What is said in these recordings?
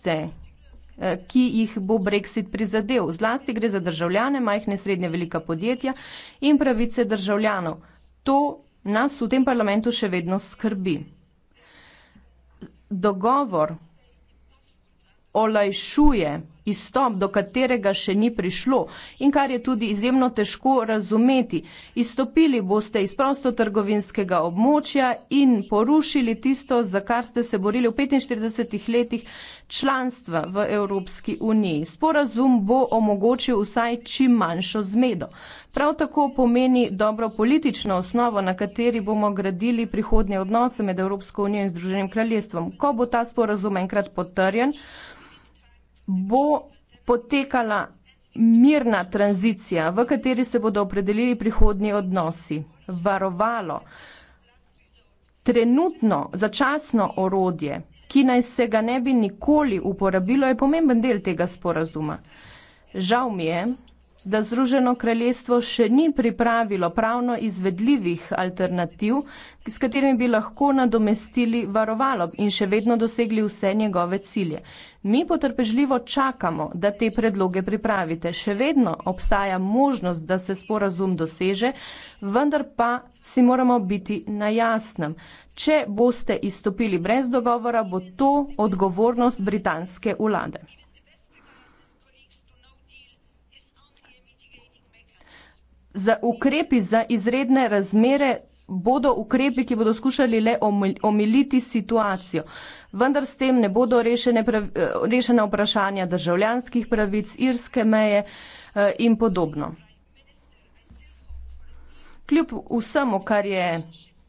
tiste, eh, ki jih bo Brexit prizadel. Zlasti gre za državljane, majhne, srednje, velika podjetja in pravice državljanov. To nas v tem parlamentu še vedno skrbi. Dogovor olajšuje izstop, do katerega še ni prišlo in kar je tudi izjemno težko razumeti. Izstopili boste iz prostotrgovinskega območja in porušili tisto, za kar ste se borili v 45 letih članstva v Evropski uniji. Sporazum bo omogočil vsaj čim manjšo zmedo. Prav tako pomeni dobro politično osnovo, na kateri bomo gradili prihodnje odnose med Evropsko unijo in Združenim kraljestvom. Ko bo ta sporazum enkrat potrjen, bo potekala mirna tranzicija, v kateri se bodo opredelili prihodnji odnosi. Varovalo, trenutno, začasno orodje, ki naj se ga ne bi nikoli uporabilo, je pomemben del tega sporazuma. Žal mi je, da Združeno kraljestvo še ni pripravilo pravno izvedljivih alternativ, s katerimi bi lahko nadomestili varovalo in še vedno dosegli vse njegove cilje. Mi potrpežljivo čakamo, da te predloge pripravite. Še vedno obstaja možnost, da se sporazum doseže, vendar pa si moramo biti na jasnem. Če boste izstopili brez dogovora, bo to odgovornost britanske vlade. za ukrepi za izredne razmere bodo ukrepi, ki bodo skušali le omiliti situacijo. Vendar s tem ne bodo rešene, rešene vprašanja državljanskih pravic, irske meje eh, in podobno. Kljub vsemu, kar je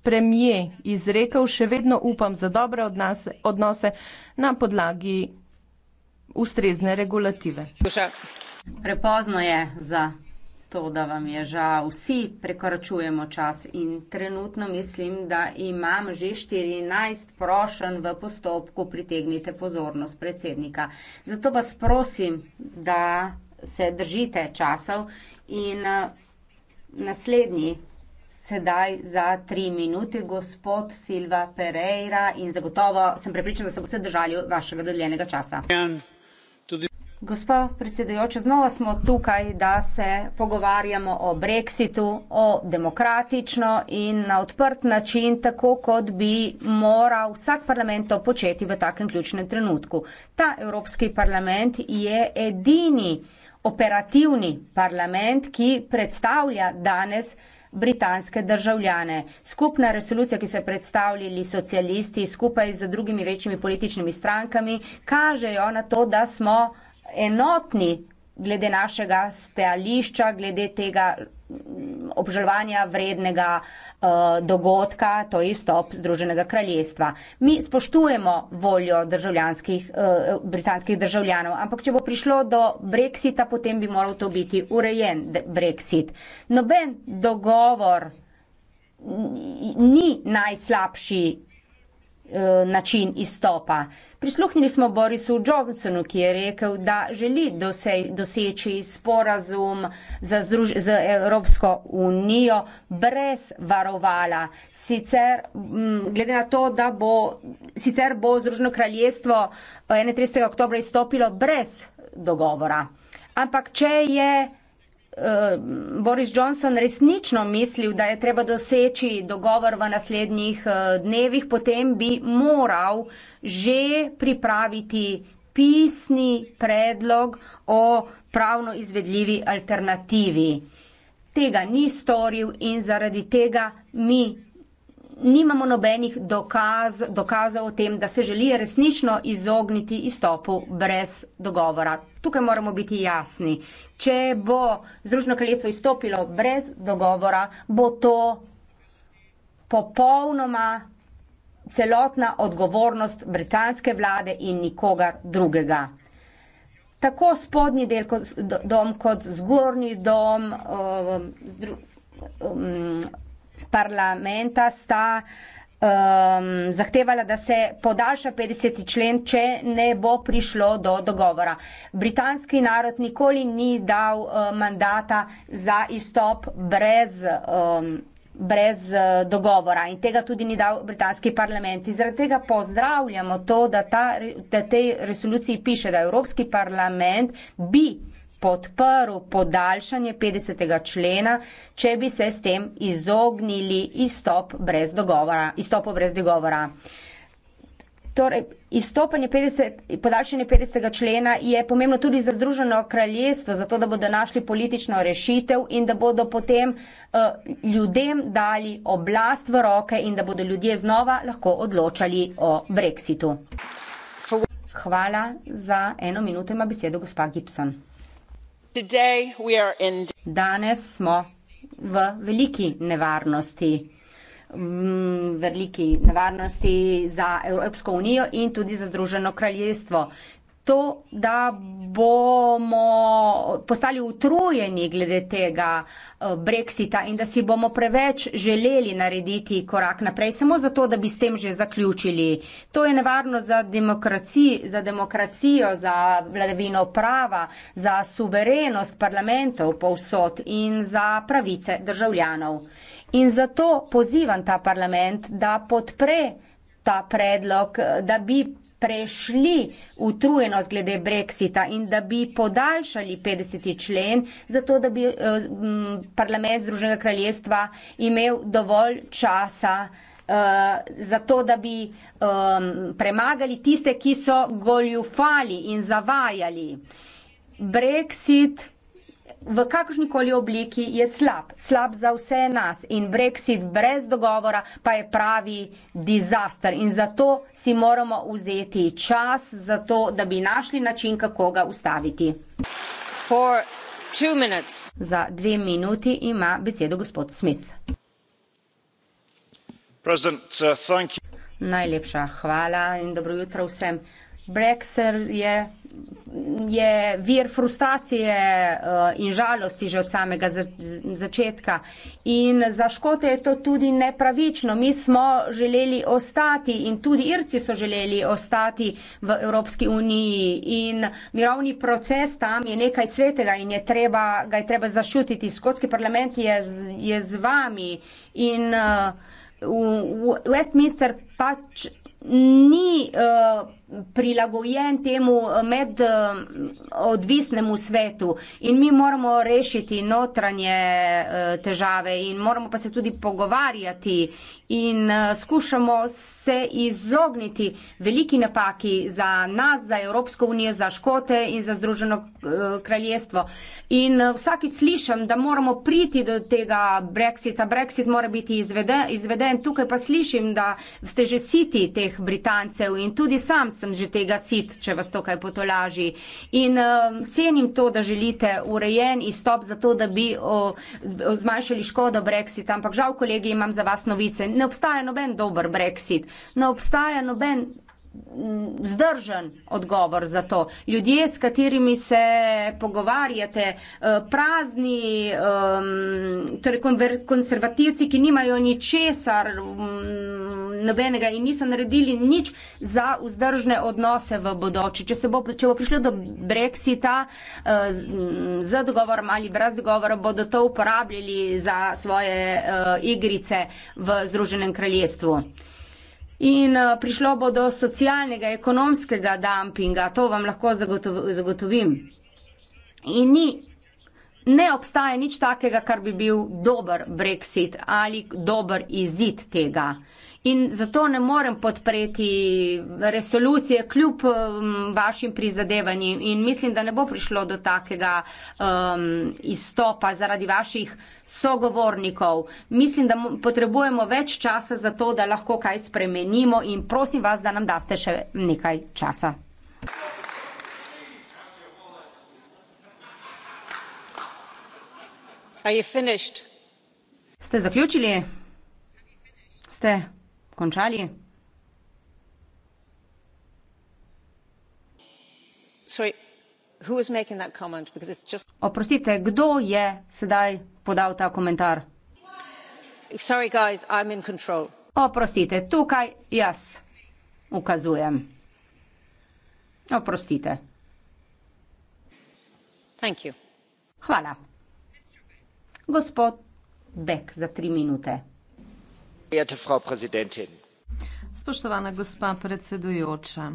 premije izrekel, še vedno upam za dobre odnose, odnose na podlagi ustrezne regulative. Prepozno je za to, da vam je žal, vsi prekoračujemo čas in trenutno mislim, da imam že 14 prošen v postopku, pritegnite pozornost predsednika. Zato vas prosim, da se držite časov in naslednji sedaj za tri minute gospod Silva Pereira in zagotovo sem prepričan, da se boste držali vašega dodeljenega časa. Yeah. Gospa predsedujoča, znova smo tukaj, da se pogovarjamo o brexitu, o demokratično in na odprt način, tako kot bi moral vsak parlament to početi v takem ključnem trenutku. Ta Evropski parlament je edini operativni parlament, ki predstavlja danes britanske državljane. Skupna resolucija, ki so jo predstavljali socialisti skupaj z drugimi večjimi političnimi strankami, kažejo na to, da smo enotni glede našega stališča, glede tega mm, obžalovanja vrednega uh, dogodka, to je izstop Združenega kraljestva. Mi spoštujemo voljo državljanskih, uh, britanskih državljanov, ampak če bo prišlo do brexita, potem bi moral to biti urejen brexit. Noben dogovor ni najslabši Eh, način izstopa. Prisluhnili smo Borisu Johnsonu, ki je rekel, da želi doseči sporazum za, združ, za Evropsko unijo brez varovala. Sicer, mm, glede na to, da bo, sicer bo Združeno kraljestvo 31. Eh, oktober izstopilo brez dogovora. Ampak če je Eh, Boris Johnson resnično mislil, da je treba doseči dogovor v naslednjih eh, dnevih, potem bi moral že pripraviti pisni predlog o pravno izvedljivi alternativi. Tega ni storil in zaradi tega mi nimamo nobenih dokaz, dokazov o tem, da se želi resnično izogniti izstopu brez dogovora. Tukaj moramo biti jasni. Če bo Združeno kraljestvo izstopilo brez dogovora, bo to popolnoma celotna odgovornost britanske vlade in nikogar drugega. Tako spodnji del kot, dom kot zgornji dom. Um, dru, um, parlamenta sta um, zahtevala, da se podaljša 50. člen, če ne bo prišlo do dogovora. Britanski narod nikoli ni dal uh, mandata za izstop brez. Um, brez uh, dogovora in tega tudi ni dal britanski parlament. Zaradi tega pozdravljamo to, da, ta, da tej resoluciji piše, da Evropski parlament bi podprl podaljšanje 50. člena, če bi se s tem izognili izstop brez dogovora, izstopu brez dogovora. Torej, izstopanje 50, podaljšanje 50. člena je pomembno tudi za Združeno kraljestvo, zato da bodo našli politično rešitev in da bodo potem uh, ljudem dali oblast v roke in da bodo ljudje znova lahko odločali o Brexitu. Hvala za eno minuto, ima besedo gospa Gibson. Danes smo v veliki nevarnosti. V mm, veliki nevarnosti za Evropsko unijo in tudi za Združeno kraljestvo to, da bomo postali utrujeni glede tega eh, brexita in da si bomo preveč želeli narediti korak naprej, samo zato, da bi s tem že zaključili. To je nevarno za, demokraci, za demokracijo, za vladavino prava, za suverenost parlamentov povsod in za pravice državljanov. In zato pozivam ta parlament, da podpre ta predlog, eh, da bi prešli utrujenost glede brexita in da bi podaljšali 50. člen, zato da bi eh, parlament Združenega kraljestva imel dovolj časa. Eh, zato, da bi um, premagali tiste, ki so goljufali in zavajali. Brexit v kakršni koli obliki je slab, slab za vse nas in brexit brez dogovora pa je pravi dizaster in zato si moramo vzeti čas za to, da bi našli način, kako ga ustaviti. For two minutes. Za dve minuti ima besedo gospod Smith. Uh, Najlepša hvala in dobro jutro vsem. Brexit je je vir frustracije eh, in žalosti že od samega začetka. In za Škote je to tudi nepravično. Mi smo želeli ostati in tudi Irci so želeli ostati v Evropski uniji in mirovni proces tam je nekaj svetega in je treba, ga je treba zaščititi. Škotski parlament je z, je z vami in uh, Westminster pač ni uh, prilagojen temu eh, med eh, odvisnemu svetu in mi moramo rešiti notranje eh, težave in moramo pa se tudi pogovarjati in skušamo se izogniti veliki napaki za nas, za Evropsko unijo, za Škote in za Združeno kraljestvo. In vsakič slišim, da moramo priti do tega brexita. Brexit mora biti izveden, izveden. tukaj pa slišim, da ste že siti teh Britancev in tudi sam sem že tega sit, če vas to kaj potolaži. In um, cenim to, da želite urejen izstop za to, da bi o, o, zmanjšali škodo Brexita, ampak žal, kolegi, imam za vas novice. Ne obstaja noben dober Brexit, ne obstaja noben zdržen odgovor za to. Ljudje, s katerimi se pogovarjate, eh, prazni, torej konservativci, ki nimajo ničesar mm, nobenega in niso naredili nič za vzdržne odnose v bodoči. Če, bo, če bo prišlo do brexita eh, mm, z dogovorom ali brez dogovora, bodo to uporabljali za svoje eh, igrice v Združenem kraljestvu in eh, prišlo bo do socialnega, ekonomskega dumpinga, to vam lahko zagotovim. In ni, ne obstaja nič takega, kar bi bil dober Brexit ali dober izid tega in zato ne morem podpreti resolucije kljub um, vašim prizadevanjem in mislim, da ne bo prišlo do takega um, izstopa zaradi vaših sogovornikov. Mislim, da potrebujemo več časa za to, da lahko kaj spremenimo in prosim vas, da nam daste še nekaj časa. Are you finished? Ste zaključili? Ste? končali? Oprostite, kdo je sedaj podal ta komentar? Oprostite, tukaj jaz ukazujem. Oprostite. Hvala. Gospod Beck za tri minute. Spoštovana gospa predsedujoča.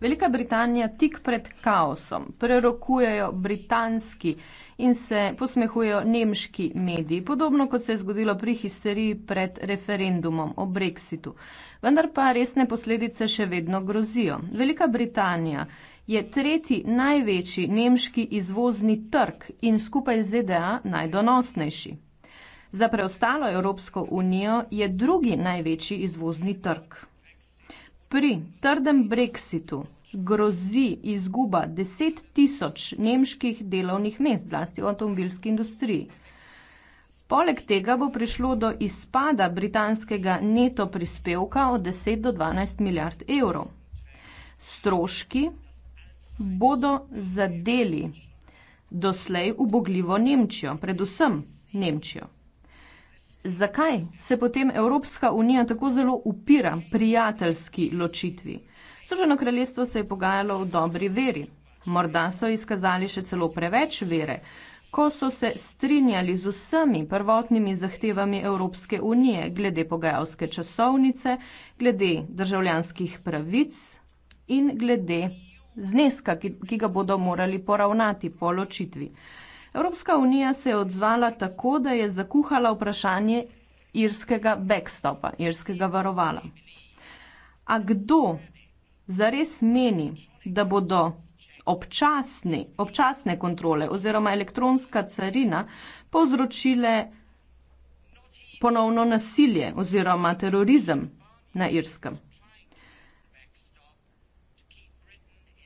Velika Britanija tik pred kaosom, prerokujejo britanski in se posmehujejo nemški mediji, podobno kot se je zgodilo pri histeriji pred referendumom o brexitu. Vendar pa resne posledice še vedno grozijo. Velika Britanija je tretji največji nemški izvozni trg in skupaj z ZDA najdonosnejši. Za preostalo Evropsko unijo je drugi največji izvozni trg. Pri trdem brexitu grozi izguba 10 tisoč nemških delovnih mest, zlasti v avtomobilski industriji. Poleg tega bo prišlo do izpada britanskega neto prispevka od 10 do 12 milijard evrov. Stroški bodo zadeli doslej ubogljivo Nemčijo, predvsem Nemčijo. Zakaj se potem Evropska unija tako zelo upira prijateljski ločitvi? Soženo kraljestvo se je pogajalo v dobri veri. Morda so izkazali še celo preveč vere, ko so se strinjali z vsemi prvotnimi zahtevami Evropske unije glede pogajalske časovnice, glede državljanskih pravic in glede zneska, ki, ki ga bodo morali poravnati po ločitvi. Evropska unija se je odzvala tako, da je zakuhala vprašanje irskega backstopa, irskega varovala. A kdo zares meni, da bodo občasni, občasne kontrole oziroma elektronska carina povzročile ponovno nasilje oziroma terorizem na Irskem?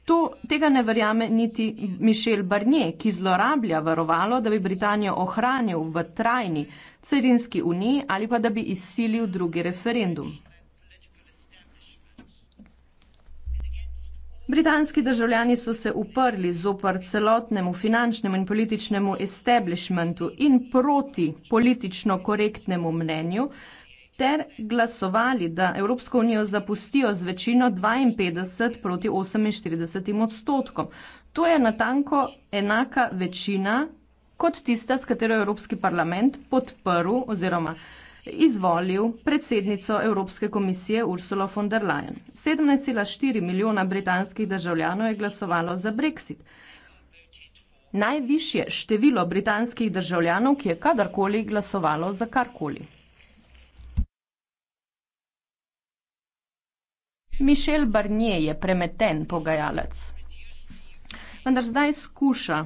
To, tega ne verjame niti Mišel Barnier, ki zlorablja varovalo, da bi Britanijo ohranil v trajni carinski uniji ali pa da bi izsilil drugi referendum. Britanski državljani so se uprli zopr celotnemu finančnemu in političnemu establishmentu in proti politično korektnemu mnenju, ter glasovali, da Evropsko unijo zapustijo z večino 52 proti 48 odstotkom. To je natanko enaka večina kot tista, s katero je Evropski parlament podprl oziroma izvolil predsednico Evropske komisije Ursula von der Leyen. 17,4 milijona britanskih državljanov je glasovalo za Brexit. Najvišje število britanskih državljanov, ki je kadarkoli glasovalo za karkoli. Mišel Barnier je premeten pogajalec. Vendar zdaj skuša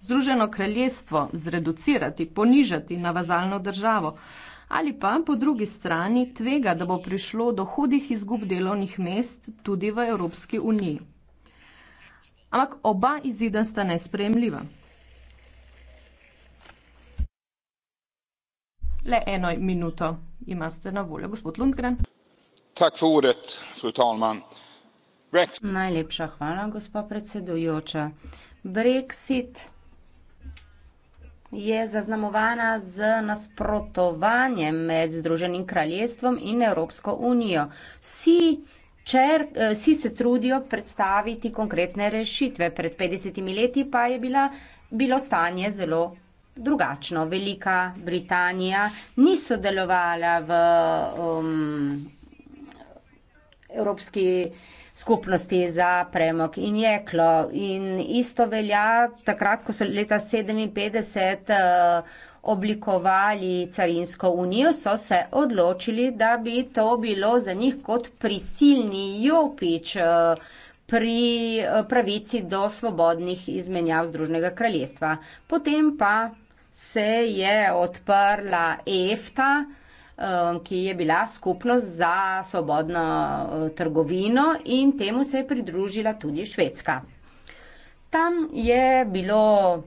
Združeno kraljestvo zreducirati, ponižati na vazalno državo ali pa po drugi strani tvega, da bo prišlo do hudih izgub delovnih mest tudi v Evropski uniji. Ampak oba izida sta nespremljiva. Le eno minuto imate na voljo, gospod Lundgren. Najlepša hvala, gospa predsedujoča. Brexit je zaznamovana z nasprotovanjem med Združenim kraljestvom in Evropsko unijo. Vsi čer, eh, vsi se trudijo predstaviti konkretne rešitve, pred petdesetimi leti pa je bila, bilo stanje zelo drugačno. Velika Britanija ni sodelovala v, um, Evropski skupnosti za premog in jeklo. In isto velja takrat, ko so leta 1957 eh, oblikovali carinsko unijo, so se odločili, da bi to bilo za njih kot prisilni jopič eh, pri eh, pravici do svobodnih izmenjav Združnega kraljestva. Potem pa se je odprla EFTA, Um, ki je bila skupnost za svobodno uh, trgovino in temu se je pridružila tudi Švedska. Tam je bilo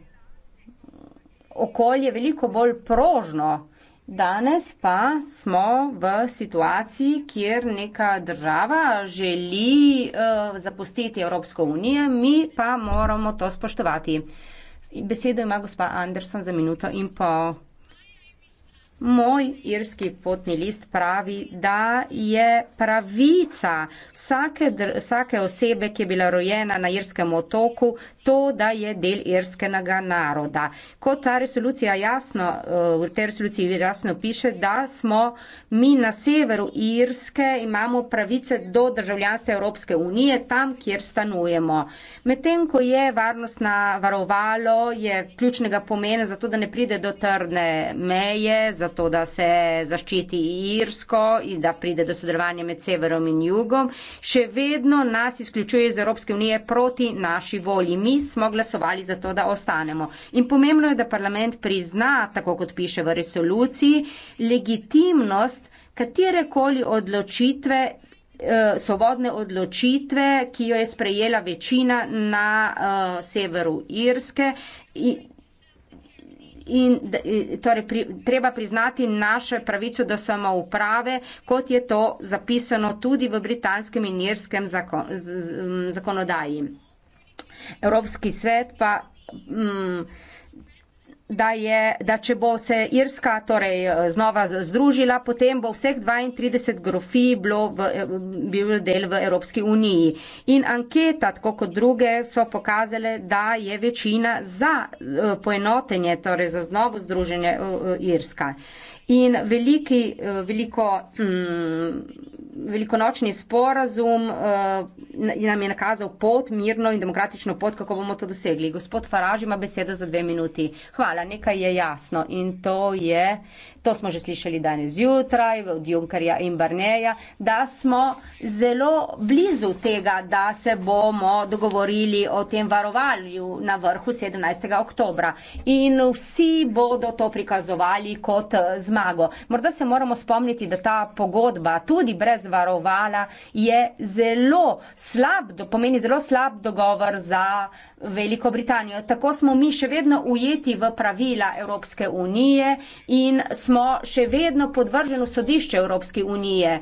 okolje veliko bolj prožno, danes pa smo v situaciji, kjer neka država želi uh, zapustiti Evropsko unijo, mi pa moramo to spoštovati. Besedo ima gospa Anderson za minuto in pol. Moj irski potni list pravi, da je pravica vsake, vsake osebe, ki je bila rojena na irskem otoku, to, da je del irskega naroda. Ko ta resolucija jasno, eh, v tej resoluciji jasno piše, da smo mi na severu Irske, imamo pravice do državljanstva Evropske unije, tam, kjer stanujemo. Medtem, ko je varnostna varovalo, je ključnega pomena za to, da ne pride do trdne meje, to, da se zaščiti Irsko in da pride do sodelovanja med severom in jugom, še vedno nas izključuje iz Evropske unije proti naši volji. Mi smo glasovali za to, da ostanemo. In pomembno je, da parlament prizna, tako kot piše v resoluciji, legitimnost katerekoli odločitve eh, svobodne odločitve, ki jo je sprejela večina na uh, severu Irske. I in torej pri, treba priznati naše pravico do samouprave, kot je to zapisano tudi v britanskem in irskem zakon, z, z, zakonodaji. Evropski svet pa. Mm, da, je, da če bo se Irska torej, znova združila, potem bo vseh 32 grofij bilo, v, bilo del v Evropski uniji. In anketa, tako kot druge, so pokazale, da je večina za eh, poenotenje, torej za znovo združenje eh, Irska. In veliki, eh, veliko, mm, velikonočni sporazum eh, nam je nakazal pot, mirno in demokratično pot, kako bomo to dosegli. Gospod Faraž ima besedo za dve minuti. Hvala, nekaj je jasno in to je, to smo že slišali danes zjutraj od Junkarja in Barneja, da smo zelo blizu tega, da se bomo dogovorili o tem varovalju na vrhu 17. oktobra in vsi bodo to prikazovali kot eh, zmago. Morda se moramo spomniti, da ta pogodba tudi brez varovala je zelo slab, pomeni zelo slab dogovor za Veliko Britanijo. Tako smo mi še vedno ujeti v pravila Evropske unije in smo še vedno podvrženi sodišču Evropske unije.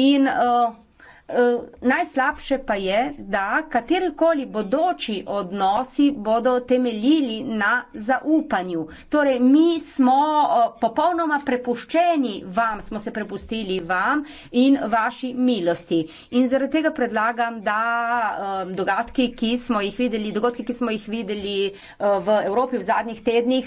In, uh, Eh, najslabše pa je, da katerikoli bodoči odnosi bodo temeljili na zaupanju. Torej, mi smo eh, popolnoma prepuščeni vam, smo se prepustili vam in vaši milosti. In zaradi tega predlagam, da eh, dogodki, ki smo jih videli, dogodki, ki smo jih videli v Evropi v zadnjih tednih,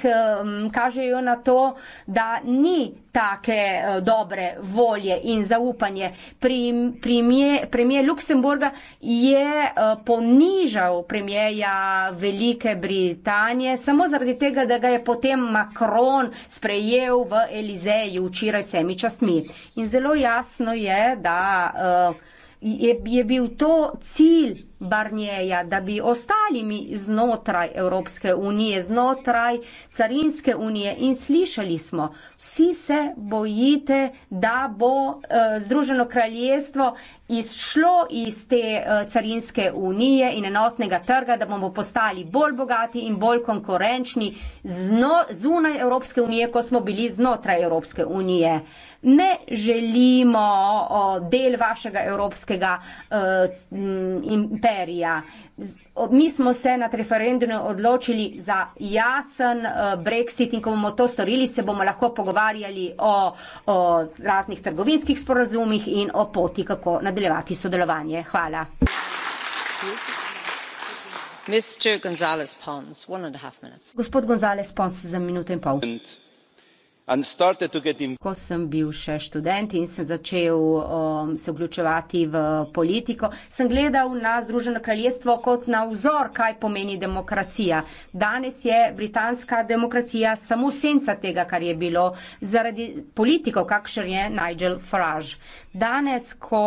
kažejo na to, da ni take dobre volje in zaupanje. Primer premijer Luksemburga je eh, ponižal premijeja Velike Britanije samo zaradi tega, da ga je potem Macron sprejel v Elizeju včeraj vsemi častmi. In zelo jasno je, da eh, je, je bil to cilj Barnjeja, da bi ostalimi znotraj Evropske unije, znotraj carinske unije in slišali smo, vsi se bojite, da bo eh, Združeno kraljestvo izšlo iz te eh, carinske unije in enotnega trga, da bomo postali bolj bogati in bolj konkurenčni zno, zunaj Evropske unije, ko smo bili znotraj Evropske unije. Ne želimo del vašega evropskega uh, eh, imperija serija. Mi smo se na referendumu odločili za jasen eh, brexit in ko bomo to storili, se bomo lahko pogovarjali o, o raznih trgovinskih sporazumih in o poti, kako nadaljevati sodelovanje. Hvala. Gospod González Pons, za minuto in pol. Ko sem bil še študent in sem začel um, se vključevati v politiko, sem gledal na Združeno kraljestvo kot na vzor, kaj pomeni demokracija. Danes je britanska demokracija samo senca tega, kar je bilo zaradi politiko, kakšen je Nigel Farage. Danes, ko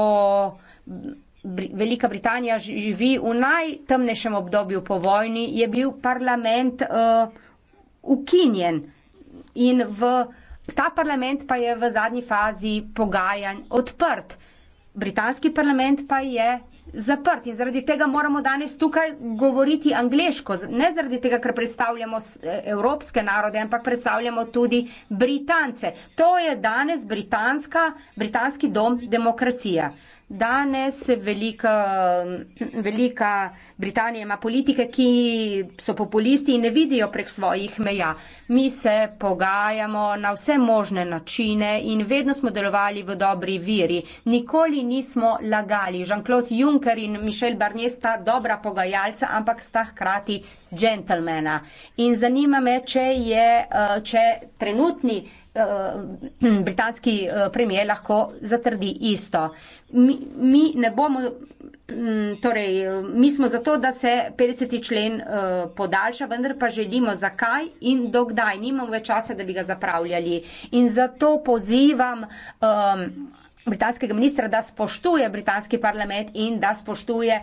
Velika Britanija živi v najtemnejšem obdobju po vojni, je bil parlament uh, ukinjen in v ta parlament pa je v zadnji fazi pogajanj odprt. Britanski parlament pa je zaprt in zaradi tega moramo danes tukaj govoriti angliško. Ne zaradi tega, ker predstavljamo e, evropske narode, ampak predstavljamo tudi Britance. To je danes britanska, britanski dom demokracije. Danes velika, velika Britanija ima politike, ki so populisti in ne vidijo prek svojih meja. Mi se pogajamo na vse možne načine in vedno smo delovali v dobri viri. Nikoli nismo lagali. Jean-Claude Juncker in Michel Barnier sta dobra pogajalca, ampak sta hkrati džentlmena. In zanima me, če, je, eh, če trenutni Eh, britanski eh, premijer lahko zatrdi isto. Mi, mi ne bomo, mm, torej, eh, mi smo zato, da se 50. člen podaljša, vendar pa želimo zakaj in dokdaj. Nimamo več časa, da bi ga zapravljali. In zato pozivam. Um, britanskega ministra, da spoštuje britanski parlament in da spoštuje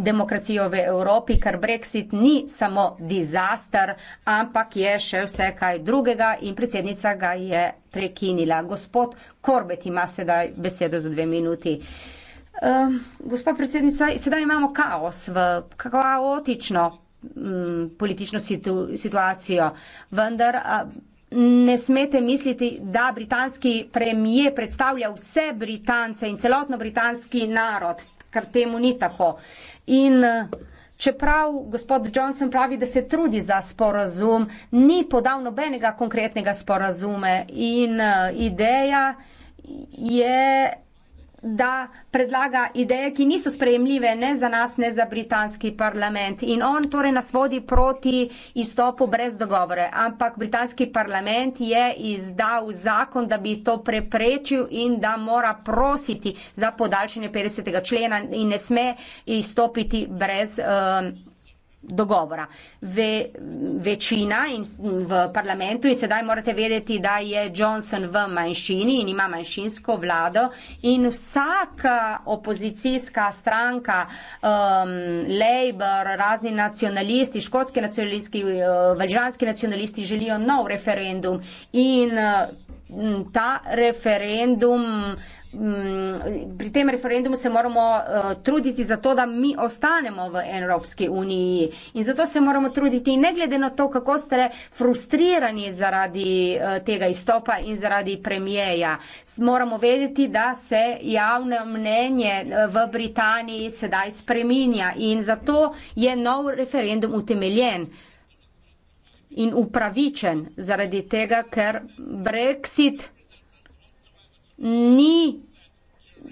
demokracijo v Evropi, ker Brexit ni samo dizaster, ampak je še vse kaj drugega in predsednica ga je prekinila. Gospod Korbet ima sedaj besedo za dve minuti. Um, gospa predsednica, sedaj imamo kaos v kaotično um, politično situ situacijo, vendar. Uh, ne smete misliti, da britanski premije predstavlja vse Britance in celotno britanski narod, ker temu ni tako. In eh, čeprav gospod Johnson pravi, da se trudi za sporazum, ni podal nobenega konkretnega sporazume in eh, ideja je da predlaga ideje, ki niso sprejemljive ne za nas, ne za britanski parlament. In on torej nas vodi proti izstopu brez dogovore. Ampak britanski parlament je izdal zakon, da bi to preprečil in da mora prositi za podaljšanje 50. člena in ne sme izstopiti brez um, dogovora. Ve, večina in, v parlamentu in sedaj morate vedeti, da je Johnson v manjšini in ima manjšinsko vlado in vsaka opozicijska stranka, um, Labour, razni nacionalisti, škotski nacionalisti, uh, valžanski nacionalisti želijo nov referendum in uh, ta referendum, pri tem referendumu se moramo e, truditi za to, da mi ostanemo v Evropski uniji in zato se moramo truditi, ne glede na to, kako ste frustrirani zaradi e, tega izstopa in zaradi premijeja. Moramo vedeti, da se javno mnenje e, v Britaniji sedaj spreminja in zato je nov referendum utemeljen in upravičen zaradi tega, ker Brexit ni,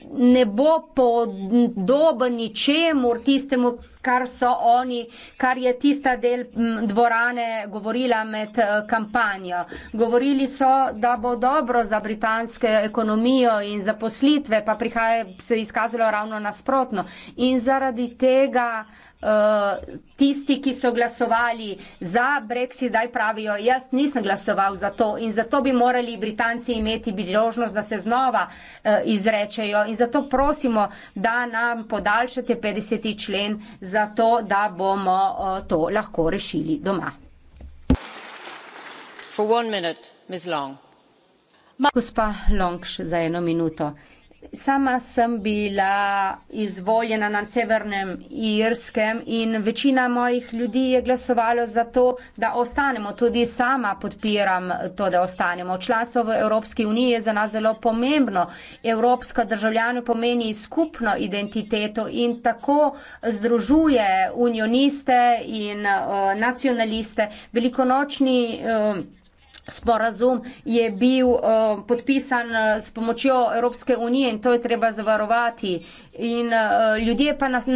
ne bo podoben ničemu tistemu, kar so oni, kar je tista del dvorane govorila med eh, kampanjo. Govorili so, da bo dobro za britansko ekonomijo in za poslitve, pa prihaja, se je izkazalo ravno nasprotno. In zaradi tega uh, Eh, tisti, ki so glasovali za Brexit, daj pravijo, jaz nisem glasoval za to in zato bi morali Britanci imeti biložnost, da se znova eh, izrečejo in zato prosimo, da nam podaljšate 50. člen za to, da bomo eh, to lahko rešili doma. Gospa Long, še za eno minuto. Sama sem bila izvoljena na severnem Irskem in večina mojih ljudi je glasovalo za to, da ostanemo. Tudi sama podpiram to, da ostanemo. Članstvo v Evropski uniji je za nas zelo pomembno. Evropska državljana pomeni skupno identiteto in tako združuje unioniste in uh, nacionaliste. Velikonočni uh, Sporazum je bil uh, podpisan uh, s pomočjo Evropske unije in to je treba zavarovati. In uh, ljudje pa nas, uh,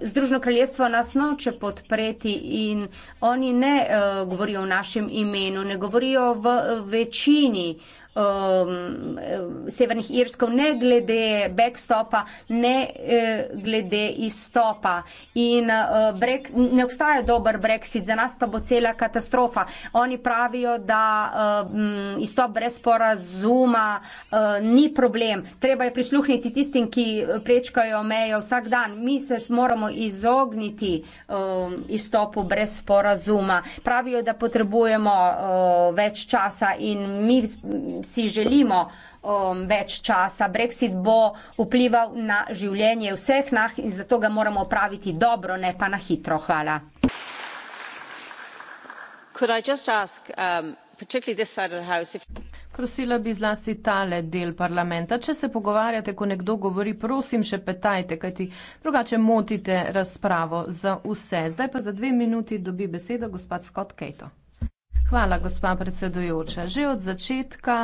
Združeno kraljestvo nas noče podpreti in oni ne uh, govorijo v našem imenu, ne govorijo v, v večini. Uh, um, Severnih Irskov, ne glede backstopa, ne uh, glede izstopa. In uh, brek, ne obstaja dober brexit, za nas pa bo cela katastrofa. Oni pravijo, da um, izstop brez porazuma uh, ni problem. Treba je prisluhniti tistim, ki prečkajo mejo vsak dan. Mi se moramo izogniti um, izstopu brez porazuma. Pravijo, da potrebujemo uh, več časa in mi si želimo um, več časa. Brexit bo vplival na življenje vseh nas in zato ga moramo opraviti dobro, ne pa na hitro. Hvala. Um, Prosila bi zlasti tale del parlamenta. Če se pogovarjate, ko nekdo govori, prosim, še petajte, kajti drugače motite razpravo za vse. Zdaj pa za dve minuti dobi besedo gospod Scott Kato. Hvala, gospa predsedujoča. Že od začetka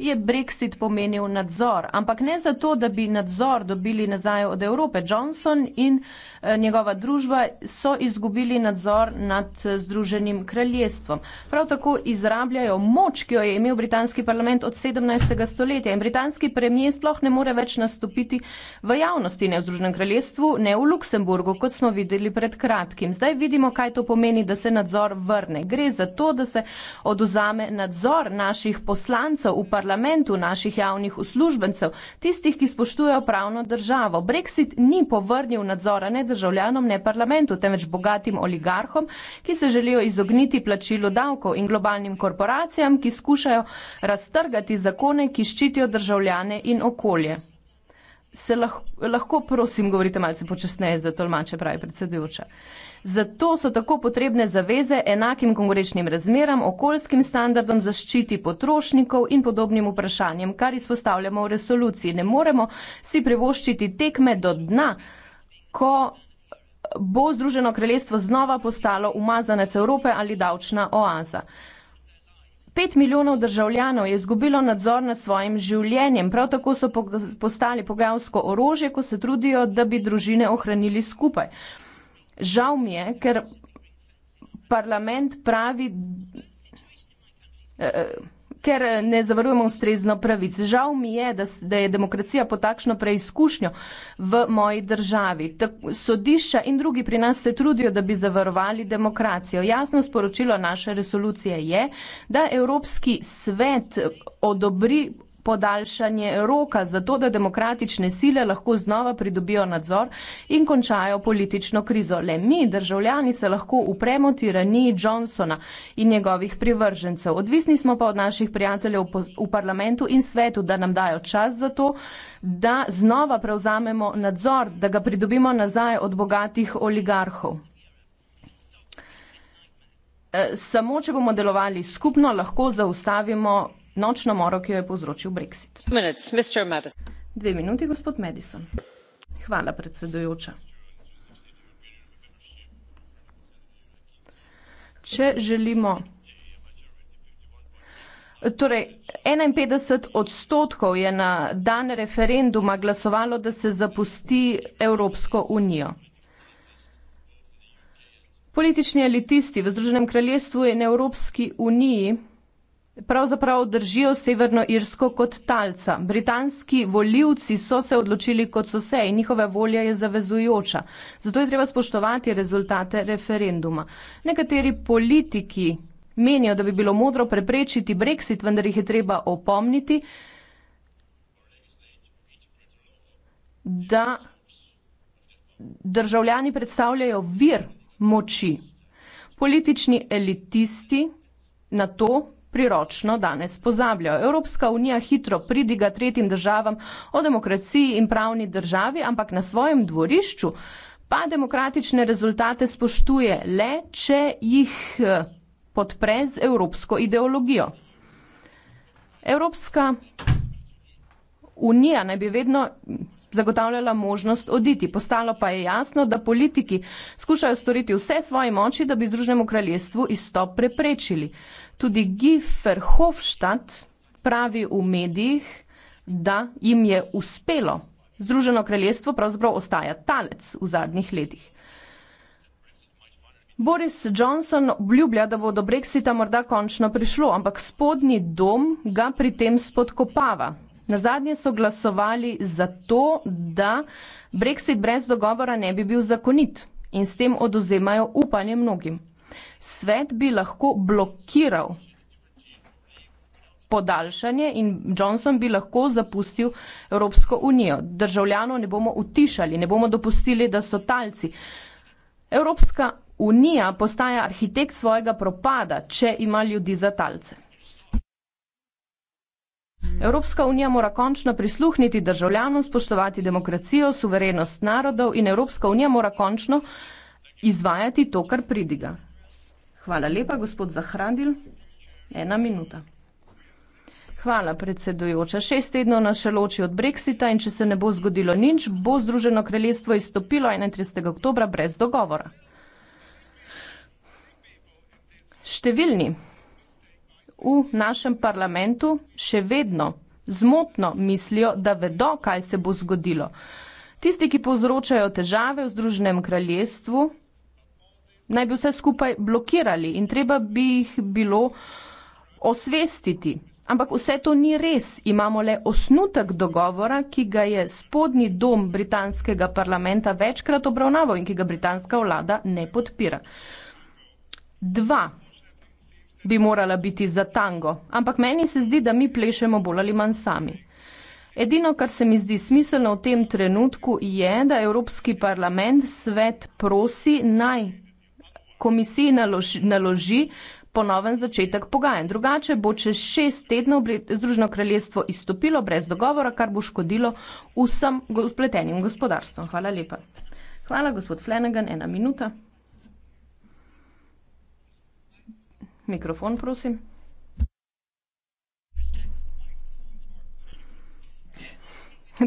je Brexit pomenil nadzor, ampak ne zato, da bi nadzor dobili nazaj od Evrope. Johnson in eh, njegova družba so izgubili nadzor nad eh, Združenim kraljestvom. Prav tako izrabljajo moč, ki jo je imel britanski parlament od 17. stoletja in britanski premijer sploh ne more več nastopiti v javnosti, ne v Združenem kraljestvu, ne v Luksemburgu, kot smo videli pred kratkim. Zdaj vidimo, kaj to pomeni, da se nadzor vrne. Gre za to, da se odozame nadzor naših poslancev v parlamentu, naših javnih uslužbencev, tistih, ki spoštujejo pravno državo. Brexit ni povrnil nadzora ne državljanom, ne parlamentu, temveč bogatim oligarhom, ki se želijo izogniti plačilu davkov in globalnim korporacijam, ki skušajo raztrgati zakone, ki ščitijo državljane in okolje. Se lahko, lahko prosim, govorite malce počasneje za tolmače, pravi predsedujoča. Zato so tako potrebne zaveze enakim kongrešnim razmeram, okoljskim standardom zaščiti potrošnikov in podobnim vprašanjem, kar izpostavljamo v resoluciji. Ne moremo si privoščiti tekme do dna, ko bo Združeno kraljestvo znova postalo umazanec Evrope ali davčna oaza. Pet milijonov državljanov je izgubilo nadzor nad svojim življenjem, prav tako so postali pogajalsko orožje, ko se trudijo, da bi družine ohranili skupaj. Žal mi je, ker parlament pravi, eh, ker ne zavarujemo ustrezno pravic. Žal mi je, da, da je demokracija po takšno preizkušnjo v moji državi. Sodišča in drugi pri nas se trudijo, da bi zavarovali demokracijo. Jasno sporočilo naše resolucije je, da Evropski svet odobri podaljšanje roka, zato da demokratične sile lahko znova pridobijo nadzor in končajo politično krizo. Le mi, državljani, se lahko upremo tiraniji Johnsona in njegovih privržencev. Odvisni smo pa od naših prijateljev v parlamentu in svetu, da nam dajo čas za to, da znova prevzamemo nadzor, da ga pridobimo nazaj od bogatih oligarhov. Eh, samo, če bomo delovali skupno, lahko zaustavimo nočno moro, ki jo je povzročil Brexit. Dve minuti, gospod Madison. Hvala, predsedujoča. Če želimo. Torej, 51 odstotkov je na dan referenduma glasovalo, da se zapusti Evropsko unijo. Politični elitisti v Združenem kraljestvu in Evropski uniji pravzaprav držijo Severno Irsko kot talca. Britanski voljivci so se odločili, kot so se, in njihova volja je zavezujoča. Zato je treba spoštovati rezultate referenduma. Nekateri politiki menijo, da bi bilo modro preprečiti brexit, vendar jih je treba opomniti, da državljani predstavljajo vir moči. Politični elitisti na to priročno danes pozabljajo. Evropska unija hitro pridiga tretjim državam o demokraciji in pravni državi, ampak na svojem dvorišču pa demokratične rezultate spoštuje le, če jih eh, podpre z evropsko ideologijo. Evropska unija naj bi vedno zagotavljala možnost oditi. Postalo pa je jasno, da politiki skušajo storiti vse svoje moči, da bi Združenemu kraljestvu izstop preprečili. Tudi Giffer Hofstadt pravi v medijih, da jim je uspelo. Združeno kraljestvo pravzaprav ostaja talec v zadnjih letih. Boris Johnson obljublja, da bo do Brexita morda končno prišlo, ampak spodnji dom ga pri tem spodkopava. Na zadnje so glasovali za to, da Brexit brez dogovora ne bi bil zakonit in s tem oduzemajo upanje mnogim. Svet bi lahko blokiral podaljšanje in Johnson bi lahko zapustil Evropsko unijo. Državljanov ne bomo utišali, ne bomo dopustili, da so talci. Evropska unija postaja arhitekt svojega propada, če ima ljudi za talce. Evropska unija mora končno prisluhniti državljanom, spoštovati demokracijo, suverenost narodov in Evropska unija mora končno izvajati to, kar pridiga. Hvala lepa, gospod Zahrandil. Ena minuta. Hvala, predsedujoča. Šest tednov nas še loči od Brexita in če se ne bo zgodilo nič, bo Združeno kraljestvo izstopilo 31. oktobra brez dogovora. Številni v našem parlamentu še vedno zmotno mislijo, da vedo, kaj se bo zgodilo. Tisti, ki povzročajo težave v Združenem kraljestvu, naj bi vse skupaj blokirali in treba bi jih bilo osvestiti. Ampak vse to ni res. Imamo le osnutek dogovora, ki ga je spodnji dom britanskega parlamenta večkrat obravnaval in ki ga britanska vlada ne podpira. Dva bi morala biti za tango, ampak meni se zdi, da mi plešemo bolj ali manj sami. Edino, kar se mi zdi smiselno v tem trenutku, je, da Evropski parlament svet prosi naj komisiji naloži, naloži ponoven začetek pogajanj. Drugače bo čez šest tednov Združeno kraljestvo izstopilo brez dogovora, kar bo škodilo vsem spletenim gospodarstvom. Hvala lepa. Hvala, gospod Flanagan. Ena minuta. Mikrofon, prosim.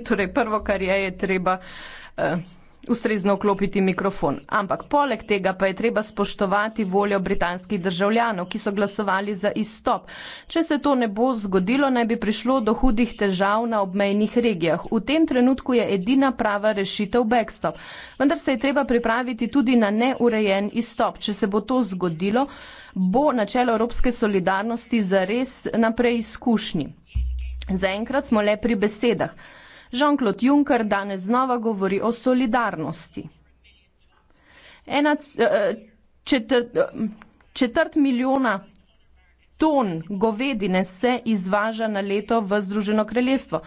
Torej, prvo, kar je, je treba uh, ustrezno vklopiti mikrofon. Ampak poleg tega pa je treba spoštovati voljo britanskih državljanov, ki so glasovali za izstop. Če se to ne bo zgodilo, naj bi prišlo do hudih težav na obmejnih regijah. V tem trenutku je edina prava rešitev backstop. Vendar se je treba pripraviti tudi na neurejen izstop. Če se bo to zgodilo, bo načelo evropske solidarnosti zares na preizkušnji. Zaenkrat smo le pri besedah. Jean-Claude Juncker danes znova govori o solidarnosti. Ena, eh, četrt, eh, četrt milijona ton govedine se izvaža na leto v Združeno kraljestvo.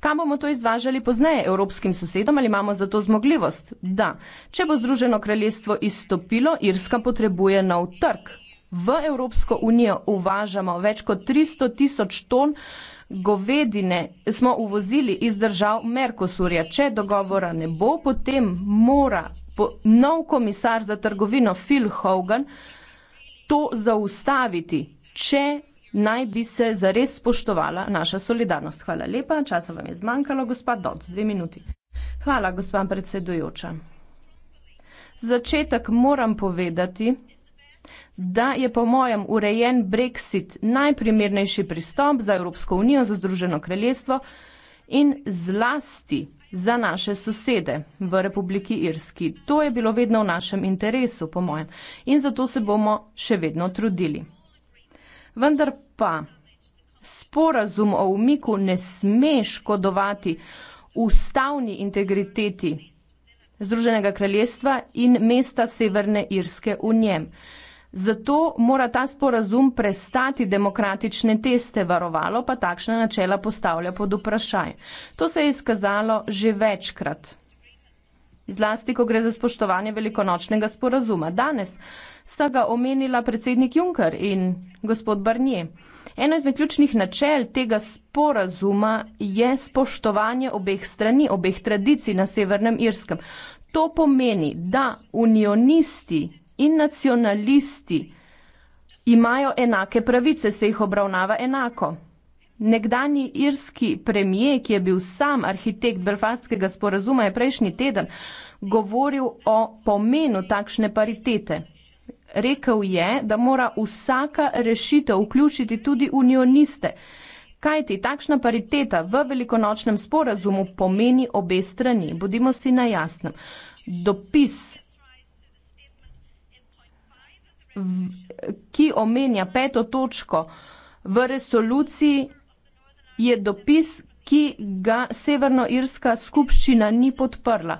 Kam bomo to izvažali pozneje? Evropskim sosedom ali imamo za to zmogljivost? Da. Če bo Združeno kraljestvo izstopilo, Irska potrebuje nov trg. V Evropsko unijo uvažamo več kot 300 tisoč ton govedine smo uvozili iz držav Merkosurja. Če dogovora ne bo, potem mora nov komisar za trgovino Phil Hogan to zaustaviti, če naj bi se zares spoštovala naša solidarnost. Hvala lepa, časa vam je zmanjkalo, gospa Doc, dve minuti. Hvala, gospa predsedujoča. Začetek moram povedati, da je po mojem urejen brexit najprimernejši pristop za Evropsko unijo, za Združeno kraljestvo in zlasti za naše sosede v Republiki Irski. To je bilo vedno v našem interesu, po mojem, in zato se bomo še vedno trudili. Vendar pa sporazum o umiku ne sme škodovati ustavni integriteti Združenega kraljestva in mesta Severne Irske v njem. Zato mora ta sporazum prestati demokratične teste, varovalo pa takšna načela postavlja pod vprašaj. To se je izkazalo že večkrat. Zlasti, ko gre za spoštovanje velikonočnega sporazuma. Danes sta ga omenila predsednik Juncker in gospod Barnier. Eno izmed ključnih načel tega sporazuma je spoštovanje obeh strani, obeh tradicij na Severnem Irskem. To pomeni, da unionisti in nacionalisti imajo enake pravice, se jih obravnava enako. Nekdani irski premijer, ki je bil sam arhitekt Belfastskega sporazuma, je prejšnji teden govoril o pomenu takšne paritete. Rekl je, da mora vsaka rešitev vključiti tudi unioniste. Kajti takšna pariteta v velikonočnem sporazumu pomeni obe strani. Bodimo si na jasnem. Dopis ki omenja peto točko v resoluciji, je dopis, ki ga Severnoirska skupščina ni podprla.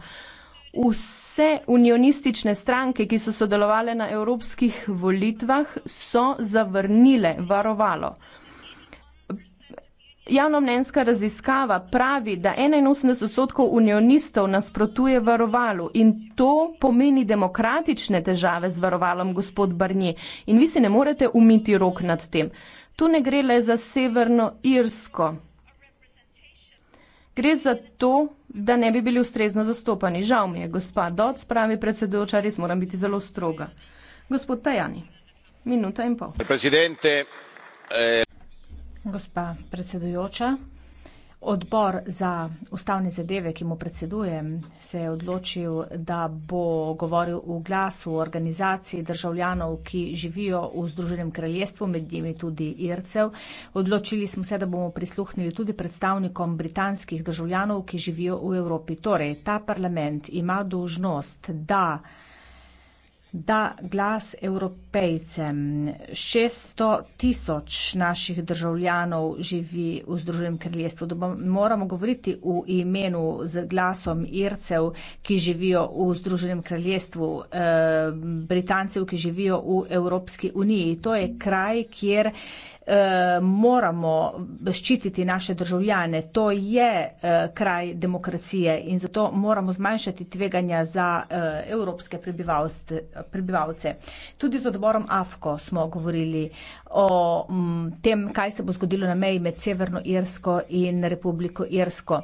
Vse unionistične stranke, ki so sodelovale na evropskih volitvah, so zavrnile varovalo. Javnomnenjska raziskava pravi, da 81 odstotkov unionistov nasprotuje varovalu in to pomeni demokratične težave z varovalom, gospod Barnier. In vi si ne morete umiti rok nad tem. Tu ne gre le za Severno Irsko. Gre za to, da ne bi bili ustrezno zastopani. Žal mi je, gospa Doc, pravi predsedujoča, res moram biti zelo stroga. Gospod Tajani, minuta in pol. Gospa predsedujoča, odbor za ustavne zadeve, ki mu predsedujem, se je odločil, da bo govoril v glasu organizaciji državljanov, ki živijo v Združenem kraljestvu, med njimi tudi Ircev. Odločili smo se, da bomo prisluhnili tudi predstavnikom britanskih državljanov, ki živijo v Evropi. Torej, ta parlament ima dolžnost, da da glas evropejcem. 600 tisoč naših državljanov živi v Združenem kraljestvu. Moramo govoriti v imenu z glasom Ircev, ki živijo v Združenem kraljestvu, eh, Britancev, ki živijo v Evropski uniji. To je kraj, kjer Eh, moramo ščititi naše državljane. To je eh, kraj demokracije in zato moramo zmanjšati tveganja za eh, evropske prebivalce. Tudi z odborom AFKO smo govorili o mm, tem, kaj se bo zgodilo na meji med Severno Irsko in Republiko Irsko.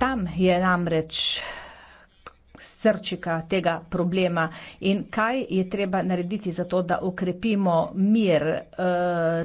Tam je namreč srčika tega problema in kaj je treba narediti za to, da okrepimo mir, eh,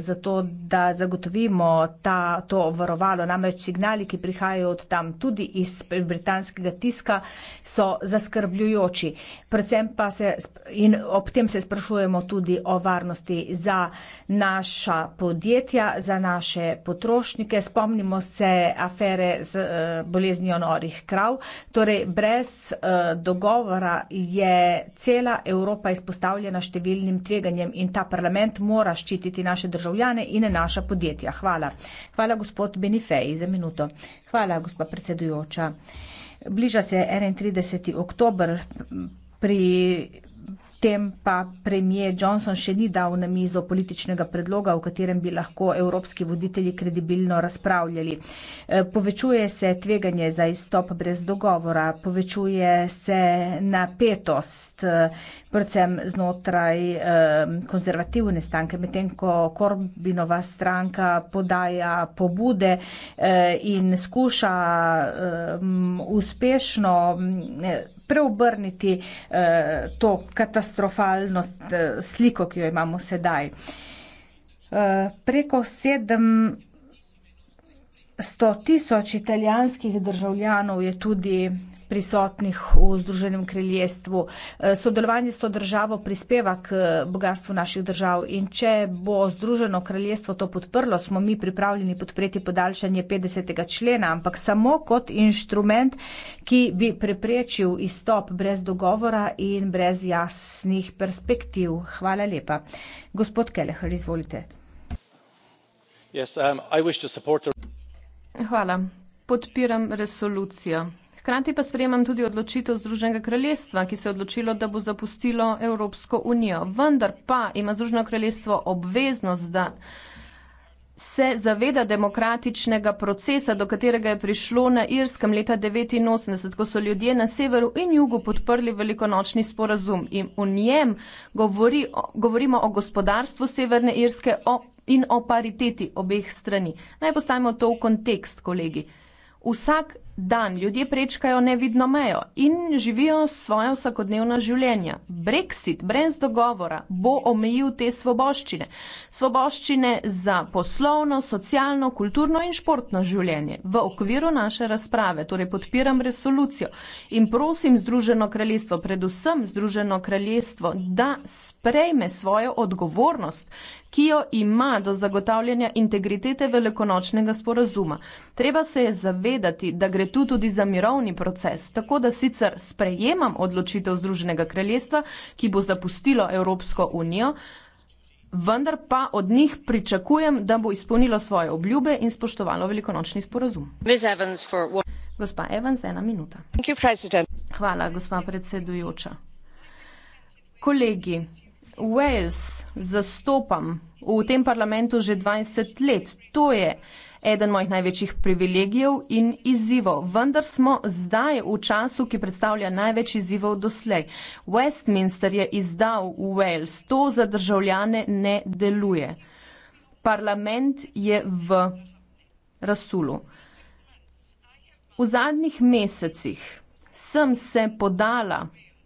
za to, da zagotovimo ta, to varovalo. Namreč signali, ki prihajajo od tam, tudi iz britanskega tiska, so zaskrbljujoči. Predvsem pa se, in ob tem se sprašujemo tudi o varnosti za naša podjetja, za naše potrošnike. Spomnimo se afere z eh, boleznijo norih krav, torej brez eh, dogovora je cela Evropa izpostavljena številnim tveganjem in ta parlament mora ščititi naše državljane in naša podjetja. Hvala. Hvala gospod Benifej za minuto. Hvala gospa predsedujoča. Bliža se 31. oktober. Pri tem pa premijer Johnson še ni dal na mizo političnega predloga, v katerem bi lahko evropski voditelji kredibilno razpravljali. E, povečuje se tveganje za izstop brez dogovora, povečuje se napetost, e, predvsem znotraj e, konzervativne stranke, medtem ko Korbinova stranka podaja pobude in skuša uspešno preobrniti eh, to katastrofalno eh, sliko, ki jo imamo sedaj. Eh, preko 700 tisoč italijanskih državljanov je tudi prisotnih v Združenem kraljestvu. Eh, sodelovanje s to državo prispeva k eh, bogatstvu naših držav in če bo Združeno kraljestvo to podprlo, smo mi pripravljeni podpreti podaljšanje 50. člena, ampak samo kot inštrument, ki bi preprečil izstop brez dogovora in brez jasnih perspektiv. Hvala lepa. Gospod Kelehar, izvolite. Yes, um, Hvala. Podpiram resolucijo. Hkrati pa sprejemam tudi odločitev Združenega kraljestva, ki se je odločilo, da bo zapustilo Evropsko unijo. Vendar pa ima Združeno kraljestvo obveznost, da se zaveda demokratičnega procesa, do katerega je prišlo na Irskem leta 1989, ko so ljudje na severu in jugu podprli velikonočni sporazum. In v njem govori, govorimo o gospodarstvu Severne Irske in o pariteti obeh strani. Naj postavimo to v kontekst, kolegi. Vsak Dan ljudje prečkajo nevidno mejo in živijo svoje vsakodnevna življenja. Brexit brez dogovora bo omejil te svoboščine. Svoboščine za poslovno, socialno, kulturno in športno življenje. V okviru naše razprave torej podpiram resolucijo in prosim Združeno kraljestvo, predvsem Združeno kraljestvo, da sprejme svojo odgovornost, ki jo ima do zagotavljanja integritete velikonočnega sporazuma. Treba se je zavedati, da gre tu tudi za mirovni proces, tako da sicer sprejemam odločitev Združenega kraljestva, ki bo zapustilo Evropsko unijo, vendar pa od njih pričakujem, da bo izpolnilo svoje obljube in spoštovalo velikonočni sporazum. Gospa Evans, ena minuta. Hvala, gospa predsedujoča. Kolegi, Wales zastopam v tem parlamentu že 20 let. To je eden mojih največjih privilegijev in izzivov. Vendar smo zdaj v času, ki predstavlja največ izzivov doslej. Westminster je izdal Wales. To za državljane ne deluje. Parlament je v rasulu. V zadnjih mesecih sem se podala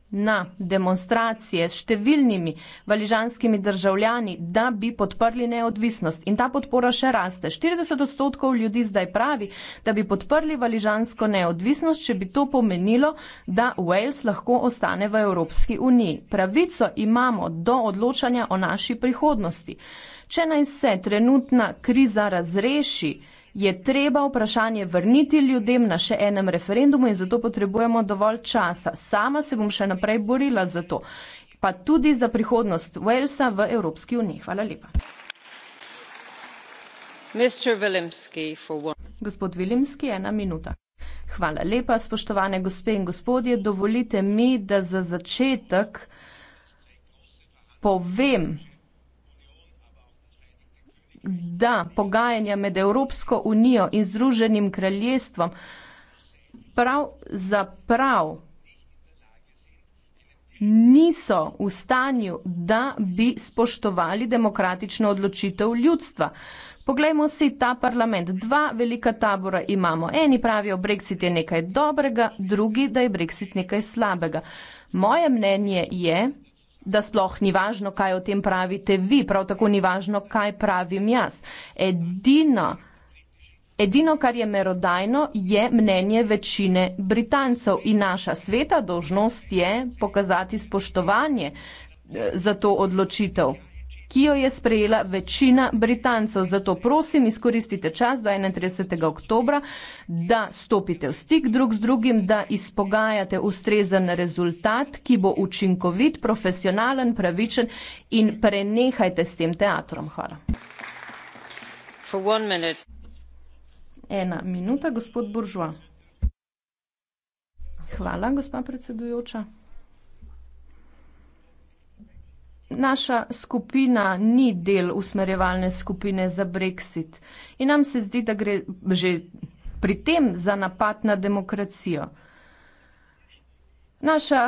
na demonstracije s številnimi valižanskimi državljani, da bi podprli neodvisnost. In ta podpora še raste. 40 odstotkov ljudi zdaj pravi, da bi podprli valižansko neodvisnost, če bi to pomenilo, da Wales lahko ostane v Evropski uniji. Pravico imamo do odločanja o naši prihodnosti. Če naj se trenutna kriza razreši, je treba vprašanje vrniti ljudem na še enem referendumu in zato potrebujemo dovolj časa. Sama se bom še naprej borila za to, pa tudi za prihodnost Walesa v Evropski uniji. Hvala lepa. Gospod Vilimski, ena minuta. Hvala lepa, spoštovane gospe in gospodje. Dovolite mi, da za začetek povem, da pogajanja med Evropsko unijo in Združenim kraljestvom prav za prav niso v stanju, da bi spoštovali demokratično odločitev ljudstva. Poglejmo si ta parlament. Dva velika tabora imamo. Eni pravijo, Brexit je nekaj dobrega, drugi, da je Brexit nekaj slabega. Moje mnenje je, da sploh ni važno, kaj o tem pravite vi, prav tako ni važno, kaj pravim jaz. Edino, edino kar je merodajno, je mnenje večine Britancev in naša sveta dožnost je pokazati spoštovanje eh, za to odločitev ki jo je sprejela večina Britancev. Zato prosim, izkoristite čas do 31. oktobra, da stopite v stik drug z drugim, da izpogajate ustrezen rezultat, ki bo učinkovit, profesionalen, pravičen in prenehajte s tem teatrom. Hvala. Ena minuta, gospod Buržua. Hvala, gospa predsedujoča. naša skupina ni del usmerjevalne skupine za brexit in nam se zdi, da gre že pri tem za napad na demokracijo. Naša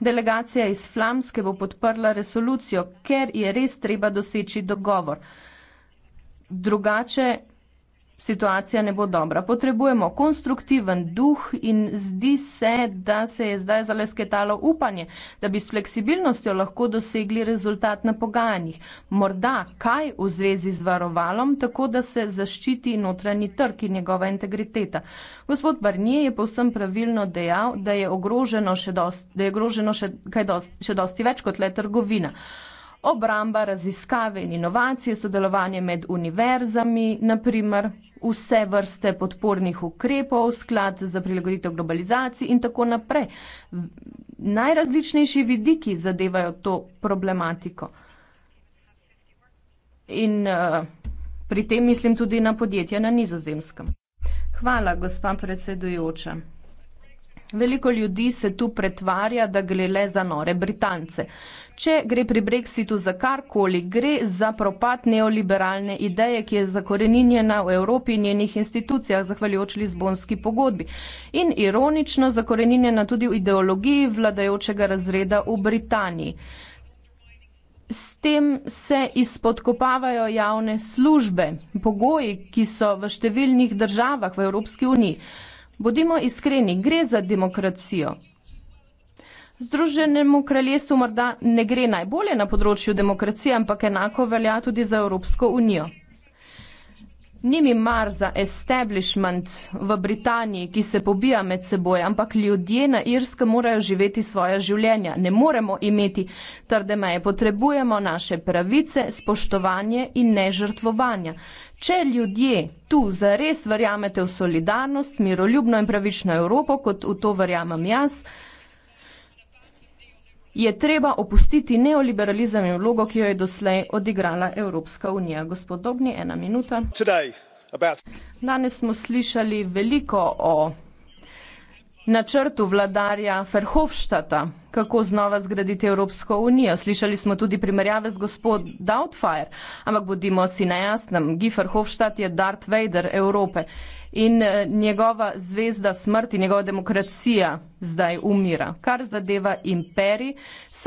delegacija iz Flamske bo podprla resolucijo, ker je res treba doseči dogovor. Drugače situacija ne bo dobra. Potrebujemo konstruktiven duh in zdi se, da se je zdaj zalesketalo upanje, da bi s fleksibilnostjo lahko dosegli rezultat na pogajanjih. Morda kaj v zvezi z varovalom, tako da se zaščiti notranji trg in njegova integriteta. Gospod Barnier je povsem pravilno dejal, da je ogroženo še dosti, da je ogroženo še kaj dosti, še dosti več kot le trgovina. Obramba, raziskave in inovacije, sodelovanje med univerzami, naprimer, vse vrste podpornih ukrepov, sklad za prilagoditev globalizaciji in tako naprej. Najrazličnejši vidiki zadevajo to problematiko. In uh, pri tem mislim tudi na podjetja na nizozemskem. Hvala, gospa predsedujoča. Veliko ljudi se tu pretvarja, da gre le za nore Britance. Če gre pri Brexitu za karkoli, gre za propad neoliberalne ideje, ki je zakoreninjena v Evropi in njenih institucijah, zahvaljujoč Lizbonski pogodbi. In ironično zakoreninjena tudi v ideologiji vladajočega razreda v Britaniji. S tem se izpodkopavajo javne službe, pogoji, ki so v številnih državah v Evropski uniji. Bodimo iskreni, gre za demokracijo. Združenemu kraljestvu morda ne gre najbolje na področju demokracije, ampak enako velja tudi za Evropsko unijo. Ni mi mar za establishment v Britaniji, ki se pobija med seboj, ampak ljudje na Irske morajo živeti svoje življenja. Ne moremo imeti trde meje. Potrebujemo naše pravice, spoštovanje in nežrtvovanja. Če ljudje tu zares verjamete v solidarnost, miroljubno in pravično Evropo, kot v to verjamem jaz, je treba opustiti neoliberalizem in vlogo, ki jo je doslej odigrala Evropska unija. Gospod Dobni, ena minuta. Danes smo slišali veliko o načrtu vladarja Ferhofštata, kako znova zgraditi Evropsko unijo. Slišali smo tudi primerjave z gospod Doubtfire, ampak bodimo si na jasnem, Guy Ferhofštat je Darth Vader Evrope in eh, njegova zvezda smrti, njegova demokracija zdaj umira. Kar zadeva imperi,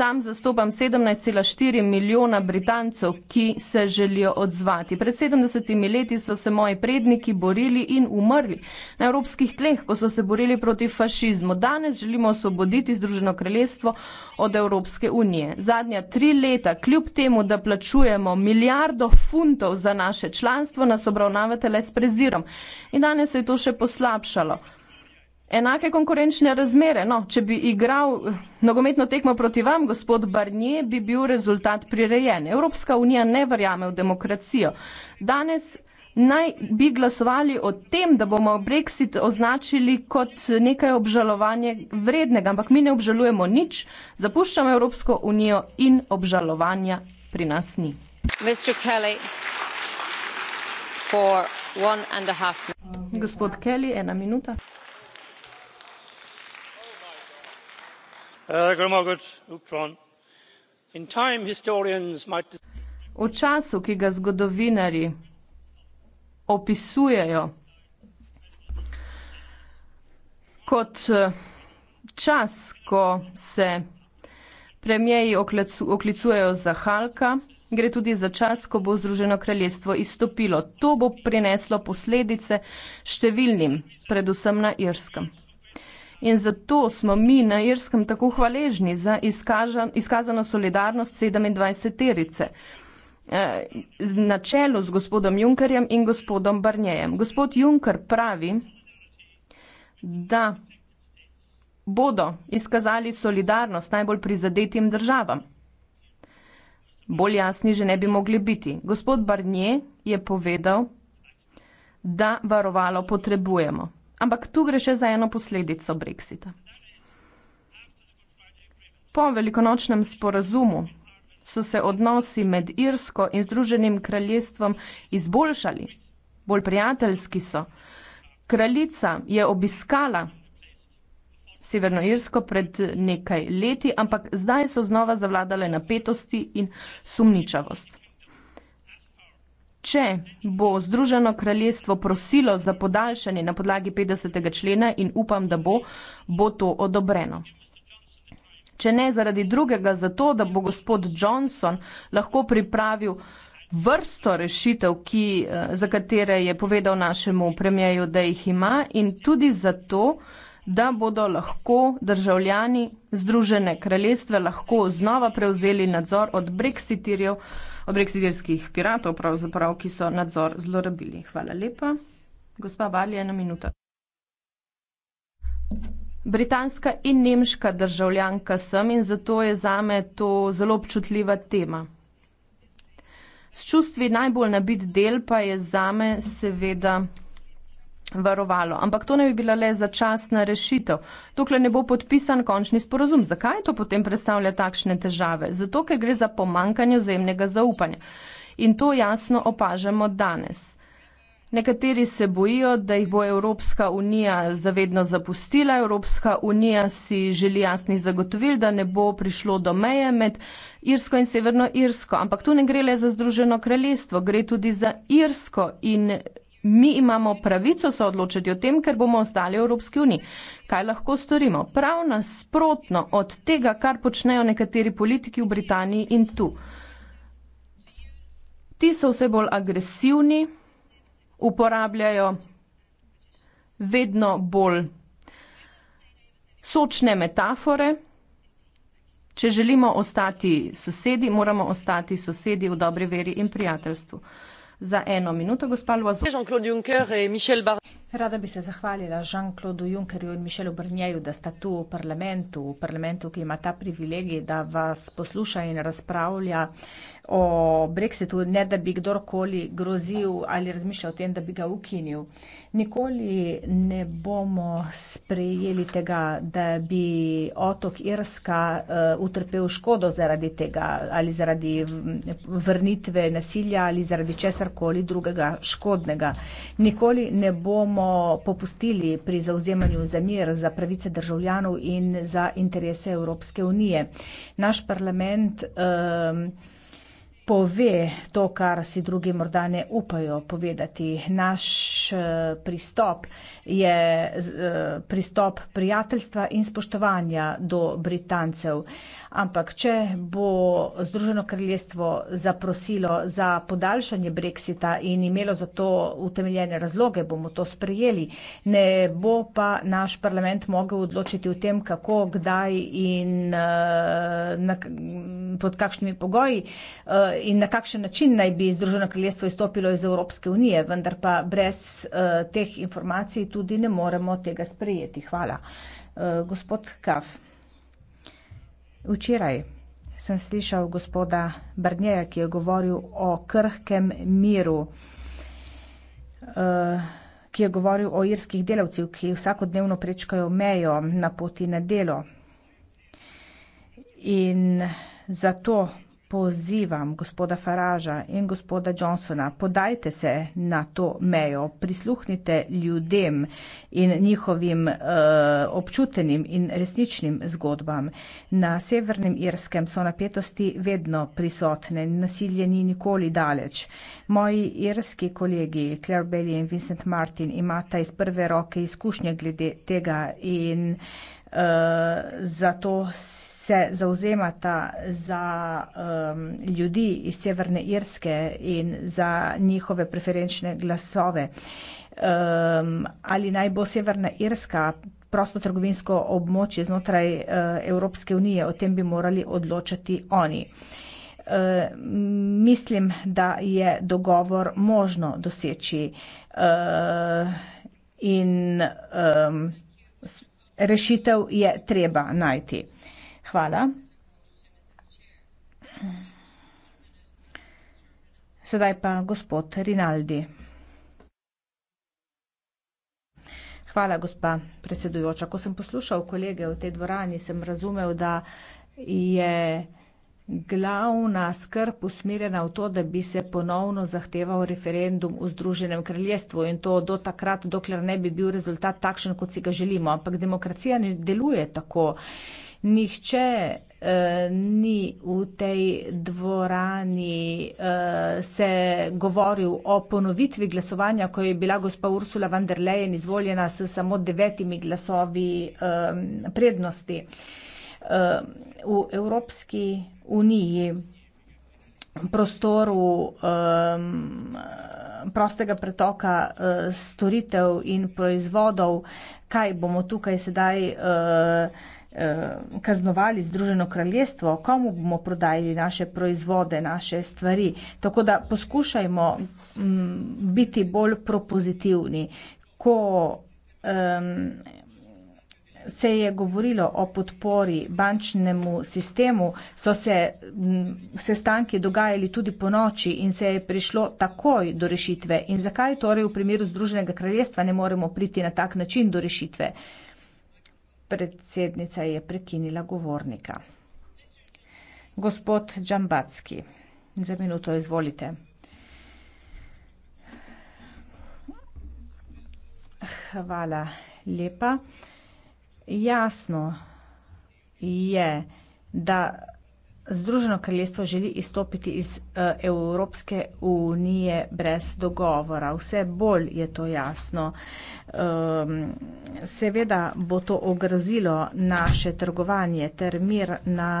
Sam zastopam 17,4 milijona Britancev, ki se želijo odzvati. Pred 70 leti so se moji predniki borili in umrli na evropskih tleh, ko so se borili proti fašizmu. Danes želimo osvoboditi Združeno kraljestvo od Evropske unije. Zadnja tri leta, kljub temu, da plačujemo milijardo funtov za naše članstvo, nas obravnavate le s prezirom. In danes se je to še poslabšalo enake konkurenčne razmere. No, če bi igral eh, nogometno tekmo proti vam, gospod Barnier, bi bil rezultat prirejen. Evropska unija ne verjame v demokracijo. Danes naj bi glasovali o tem, da bomo Brexit označili kot nekaj obžalovanje vrednega, ampak mi ne obžalujemo nič, zapuščamo Evropsko unijo in obžalovanja pri nas ni. Gospod Kelly, ena minuta. Uh, v času, ki ga zgodovinarji opisujejo kot eh, čas, ko se premijeji oklicujejo za Halka, gre tudi za čas, ko bo Združeno kraljestvo izstopilo. To bo prineslo posledice številnim, predvsem na Irskem. In zato smo mi na Irskem tako hvaležni za izkažan, izkazano solidarnost 27-terice. Eh, na čelu z gospodom Junkerjem in gospodom Barnjejem. Gospod Junker pravi, da bodo izkazali solidarnost najbolj prizadetim državam. Bolj jasni že ne bi mogli biti. Gospod Barnje je povedal, da varovalo potrebujemo. Ampak tu gre še za eno posledico brexita. Po velikonočnem sporazumu so se odnosi med Irsko in Združenim kraljestvom izboljšali, bolj prijateljski so. Kraljica je obiskala Severno Irsko pred nekaj leti, ampak zdaj so znova zavladale napetosti in sumničavost. Če bo Združeno kraljestvo prosilo za podaljšanje na podlagi 50. člena in upam, da bo, bo to odobreno. Če ne zaradi drugega, zato da bo gospod Johnson lahko pripravil vrsto rešitev, ki, eh, za katere je povedal našemu premijeju, da jih ima in tudi zato, da bodo lahko državljani Združene kraljestve lahko znova prevzeli nadzor od brexitirjev, uh, brexitirskih piratov, pravzaprav, ki so nadzor zlorabili. Hvala lepa. Gospa Valje, ena minuta. Britanska in nemška državljanka sem in zato je zame to zelo občutljiva tema. S čustvi najbolj nabit del pa je zame seveda varovalo. Ampak to ne bi bila le začasna rešitev, dokler ne bo podpisan končni sporozum. Zakaj to potem predstavlja takšne težave? Zato, ker gre za pomankanje vzajemnega zaupanja. In to jasno opažamo danes. Nekateri se bojijo, da jih bo Evropska unija zavedno zapustila. Evropska unija si želi jasnih zagotovil, da ne bo prišlo do meje med Irsko in Severno Irsko. Ampak tu ne gre le za Združeno kraljestvo, gre tudi za Irsko in Mi imamo pravico se odločiti o tem, ker bomo ostali v Evropski uniji. Kaj lahko storimo? Prav nasprotno od tega, kar počnejo nekateri politiki v Britaniji in tu. Ti so vse bolj agresivni, uporabljajo vedno bolj sočne metafore. Če želimo ostati sosedi, moramo ostati sosedi v dobri veri in prijateljstvu za eno minuto, gospa Loazu. Rada bi se zahvalila Jean-Claude Junckerju in Mišelu Brnjeju, da sta tu v parlamentu, v parlamentu, ki ima ta privilegij, da vas posluša in razpravlja eh, o Brexitu, ne da bi kdorkoli grozil ali razmišljal o tem, da bi ga ukinil. Nikoli ne bomo sprejeli tega, da bi otok Irska uh, utrpel škodo zaradi tega ali zaradi mm, vrnitve nasilja ali zaradi česarkoli drugega škodnega. Nikoli ne bomo popustili pri zauzemanju za mir, za pravice državljanov in za interese Evropske unije. Naš parlament uh, pove to, kar si drugi morda ne upajo povedati. Naš eh, pristop je eh, pristop prijateljstva in spoštovanja do Britancev. Ampak, če bo Združeno kraljestvo zaprosilo za podaljšanje Brexita in imelo za to utemeljene razloge, bomo to sprejeli. Ne bo pa naš parlament mogel odločiti o tem, kako, kdaj in eh, na, pod kakšnimi pogoji in na kakšen način naj bi Združeno kraljestvo izstopilo iz Evropske unije, vendar pa brez uh, teh informacij tudi ne moremo tega sprejeti. Hvala. Uh, gospod Kaf, včeraj sem slišal gospoda Brnjeja, ki je govoril o krhkem miru, uh, ki je govoril o irskih delavcih, ki vsakodnevno prečkajo mejo na poti na delo. In zato pozivam gospoda Faraža in gospoda Johnsona, podajte se na to mejo, prisluhnite ljudem in njihovim uh, občutenim in resničnim zgodbam. Na severnem Irskem so napetosti vedno prisotne, nasilje ni nikoli daleč. Moji irski kolegi Claire Bailey in Vincent Martin imata iz prve roke izkušnje glede tega in uh, zato se se zauzemata za um, ljudi iz Severne Irske in za njihove preferenčne glasove. Um, ali naj bo Severna Irska prostotrgovinsko območje znotraj uh, Evropske unije, o tem bi morali odločati oni. Uh, mislim, da je dogovor možno doseči uh, in um, rešitev je treba najti. Uh, Hvala. Sedaj pa gospod Rinaldi. Hvala, gospa predsedujoča. Ko sem poslušal kolege v tej dvorani, sem razumel, da je glavna skrb usmerjena v to, da bi se ponovno zahteval referendum v Združenem kraljestvu in to do takrat, dokler ne bi bil rezultat takšen, kot si ga želimo. Ampak demokracija ne deluje tako. Uh, nihče uh, ni v tej dvorani uh, se govoril o ponovitvi glasovanja, ko je bila gospa Ursula von der Leyen izvoljena s samo devetimi glasovi um, prednosti uh, v Evropski uniji prostoru um, prostega pretoka uh, storitev in proizvodov, kaj bomo tukaj sedaj uh, Eh, kaznovali Združeno kraljestvo, komu bomo prodajali naše proizvode, naše stvari. Tako da poskušajmo m, mm, biti bolj propozitivni. Ko um, se je govorilo o podpori bančnemu sistemu, so se sestanki dogajali tudi po noči in se je prišlo takoj do rešitve. In zakaj torej v primeru Združenega kraljestva ne moremo priti na tak način do rešitve? Uh, Predsednica je prekinila govornika. Gospod Džambacki, za minuto izvolite. Hvala lepa. Jasno je, da Združeno kraljestvo želi izstopiti iz uh, Evropske unije brez dogovora. Vse bolj je to jasno. Um, seveda bo to ogrozilo naše trgovanje ter mir na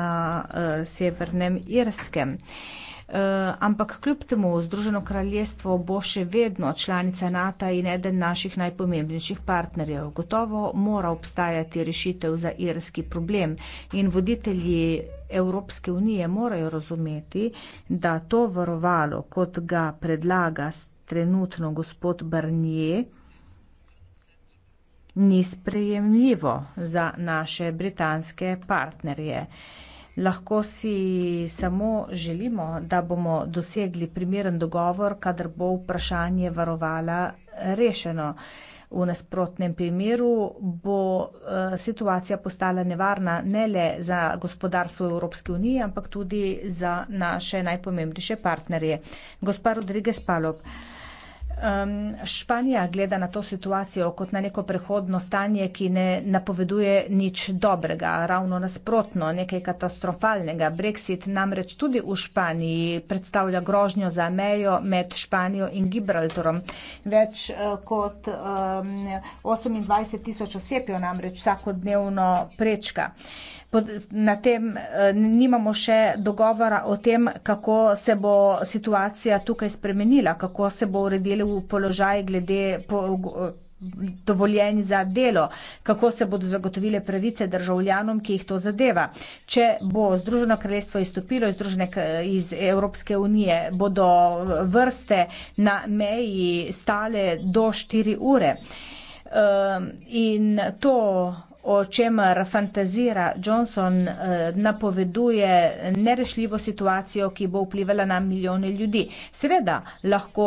uh, Severnem Irskem. Uh, Eh, ampak kljub temu Združeno kraljestvo bo še vedno članica NATO in eden naših najpomembnejših partnerjev. Gotovo mora obstajati rešitev za irski problem in voditelji Evropske unije morajo razumeti, da to varovalo, kot ga predlaga trenutno gospod Barnier, ni sprejemljivo za naše britanske partnerje lahko si samo želimo, da bomo dosegli primeren dogovor, kadar bo vprašanje varovala rešeno. V nasprotnem primeru bo eh, situacija postala nevarna ne le za gospodarstvo Evropske unije, ampak tudi za naše najpomembnejše partnerje. Gospa Rodriguez Palop. Um, Španija gleda na to situacijo kot na neko prehodno stanje, ki ne napoveduje nič dobrega, ravno nasprotno, nekaj katastrofalnega. Brexit namreč tudi v Španiji predstavlja grožnjo za mejo med Španijo in Gibraltarom. Več uh, kot um, 28 tisoč oseb jo namreč vsakodnevno prečka. Uh, na tem eh, nimamo še dogovora o tem, kako se bo situacija tukaj spremenila, kako se bo uredili v položaj glede po, dovoljenj za delo, kako se bodo zagotovile pravice državljanom, ki jih to zadeva. Če bo Združeno kraljestvo izstopilo izdružene, iz Evropske unije, bodo vrste na meji stale do 4 ure. Uh, Ehm, in to, o čemer fantazira Johnson, eh, napoveduje nerešljivo situacijo, ki bo vplivala na milijone ljudi. Seveda lahko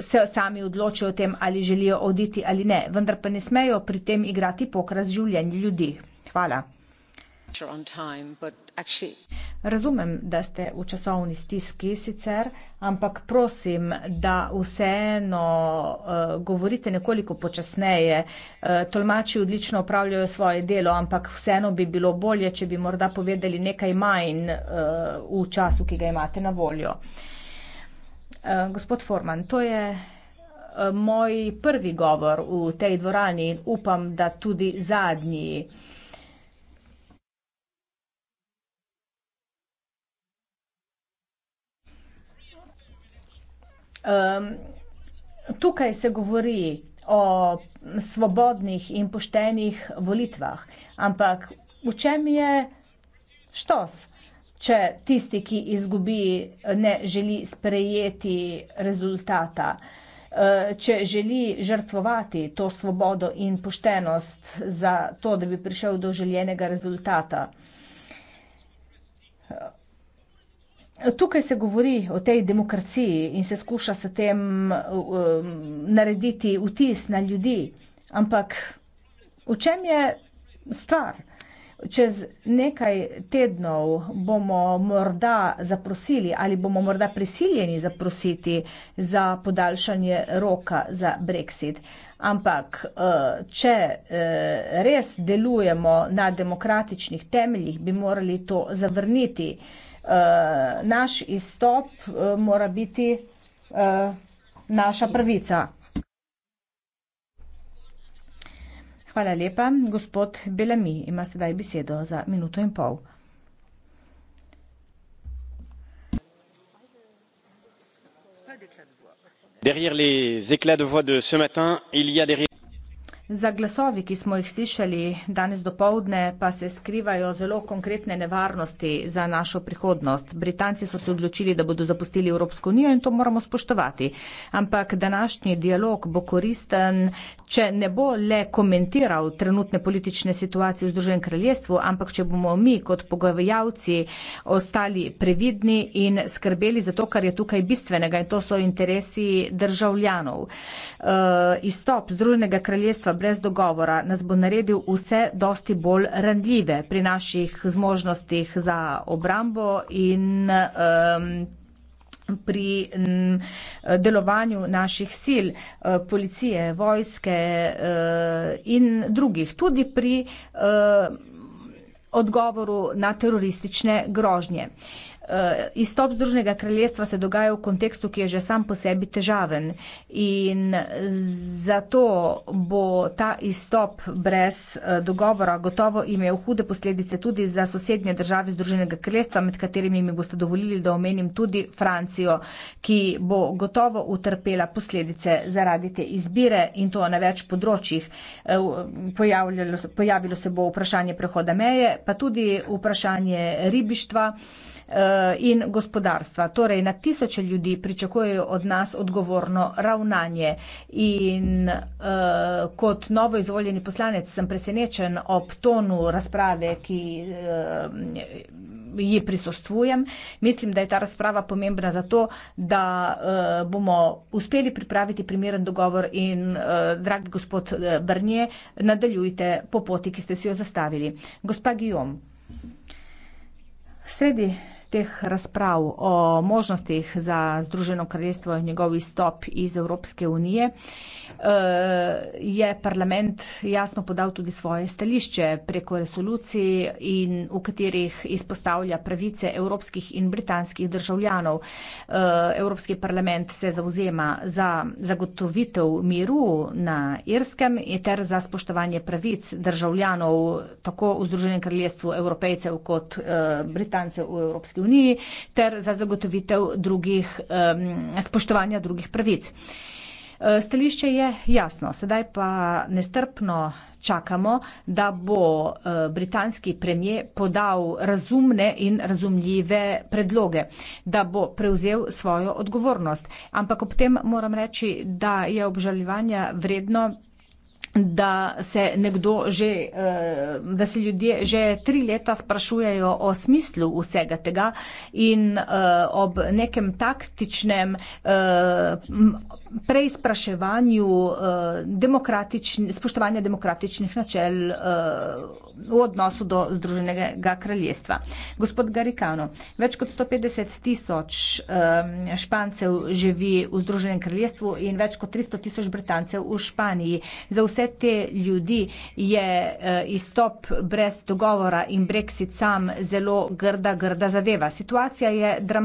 se sami odločijo o tem, ali želijo oditi ali ne, vendar pa ne smejo pri tem igrati pokraz življenja ljudi. Hvala. Razumem, da ste v časovni stiski sicer, ampak prosim, da vseeno eh, govorite nekoliko počasneje. Eh, tolmači odlično opravljajo svoje delo, ampak vseeno bi bilo bolje, če bi morda povedali nekaj manj eh, v času, ki ga imate na voljo. Gospod Forman, to je moj prvi govor v tej dvorani, upam, da tudi zadnji. Um, tukaj se govori o svobodnih in poštenih volitvah, ampak v čem je štos, če tisti, ki izgubi, ne želi sprejeti rezultata, eh, če želi žrtvovati to svobodo in poštenost za to, da bi prišel do željenega rezultata. Tukaj se govori o tej demokraciji in se skuša s tem uh, narediti vtis na ljudi, ampak v čem je stvar? Čez nekaj tednov bomo morda zaprosili ali bomo morda prisiljeni zaprositi za podaljšanje roka za brexit. Ampak, uh, če uh, res delujemo na demokratičnih temeljih, bi morali to zavrniti uh, naš izstop uh, mora biti uh, naša pravica. Hvala lepa. Gospod Belami ima sedaj besedo za minuto in pol. Derrière les éclats de voix de ce matin, il y a derrière... Za glasovi, ki smo jih slišali danes dopoledne, pa se skrivajo zelo konkretne nevarnosti za našo prihodnost. Britanci so se odločili, da bodo zapustili Evropsko unijo in to moramo spoštovati. Ampak današnji dialog bo koristen, če ne bo le komentiral trenutne politične situacije v Združenem kraljestvu, ampak če bomo mi kot pogovarjavci ostali previdni in skrbeli za to, kar je tukaj bistvenega in to so interesi državljanov. Uh, brez dogovora nas bo naredil vse dosti bolj randljive pri naših zmožnostih za obrambo in um, pri mm, delovanju naših sil, uh, policije, vojske uh, in drugih, tudi pri uh, odgovoru na teroristične grožnje. Eh, izstop Združenega kraljestva se dogaja v kontekstu, ki je že sam po sebi težaven in zato bo ta izstop brez eh, dogovora gotovo imel hude posledice tudi za sosednje države Združenega kraljestva, med katerimi mi boste dovolili, da omenim tudi Francijo, ki bo gotovo utrpela posledice zaradi te izbire in to na več področjih. Eh, pojavilo se bo vprašanje prehoda meje, pa tudi vprašanje ribištva. Eh, in gospodarstva. Torej, na tisoče ljudi pričakujejo od nas odgovorno ravnanje. In eh, kot novo izvoljeni poslanec sem presenečen ob tonu razprave, ki eh, ji prisostvujem. Mislim, da je ta razprava pomembna zato, da bomo uspeli pripraviti primeren dogovor in, drag gospod Brnje, nadaljujte po poti, ki ste si jo zastavili. Gospa Guillaume, sredi teh razprav o možnostih za Združeno kraljestvo in njegov izstop iz Evropske unije, eh, je parlament jasno podal tudi svoje stališče preko resolucij, v katerih izpostavlja pravice evropskih in britanskih državljanov. Eh, Evropski parlament se zauzema za zagotovitev miru na Irskem in ter za spoštovanje pravic državljanov tako v Združenem kraljestvu evropejcev kot eh, Britancev v Evropski uniji uniji ter za zagotovitev drugih, um, spoštovanja drugih pravic. E, stališče je jasno, sedaj pa nestrpno čakamo, da bo e, britanski premije podal razumne in razumljive predloge, da bo prevzel svojo odgovornost. Ampak ob tem moram reči, da je obžaljevanja vredno da se nekdo že, eh, da se ljudje že tri leta sprašujejo o smislu vsega tega in eh, ob nekem taktičnem eh, preizpraševanju demokratični, spoštovanja demokratičnih načel u odnosu do Združenega kraljestva. Gospod Garikano, več kot 150 tisoč Špancev živi v Združenem kraljestvu in več kot 300 tisoč Britancev v Španiji. Za vse te ljudi je e, izstop brez dogovora in brexit sam zelo grda, grda zadeva. Situacija je dramatična.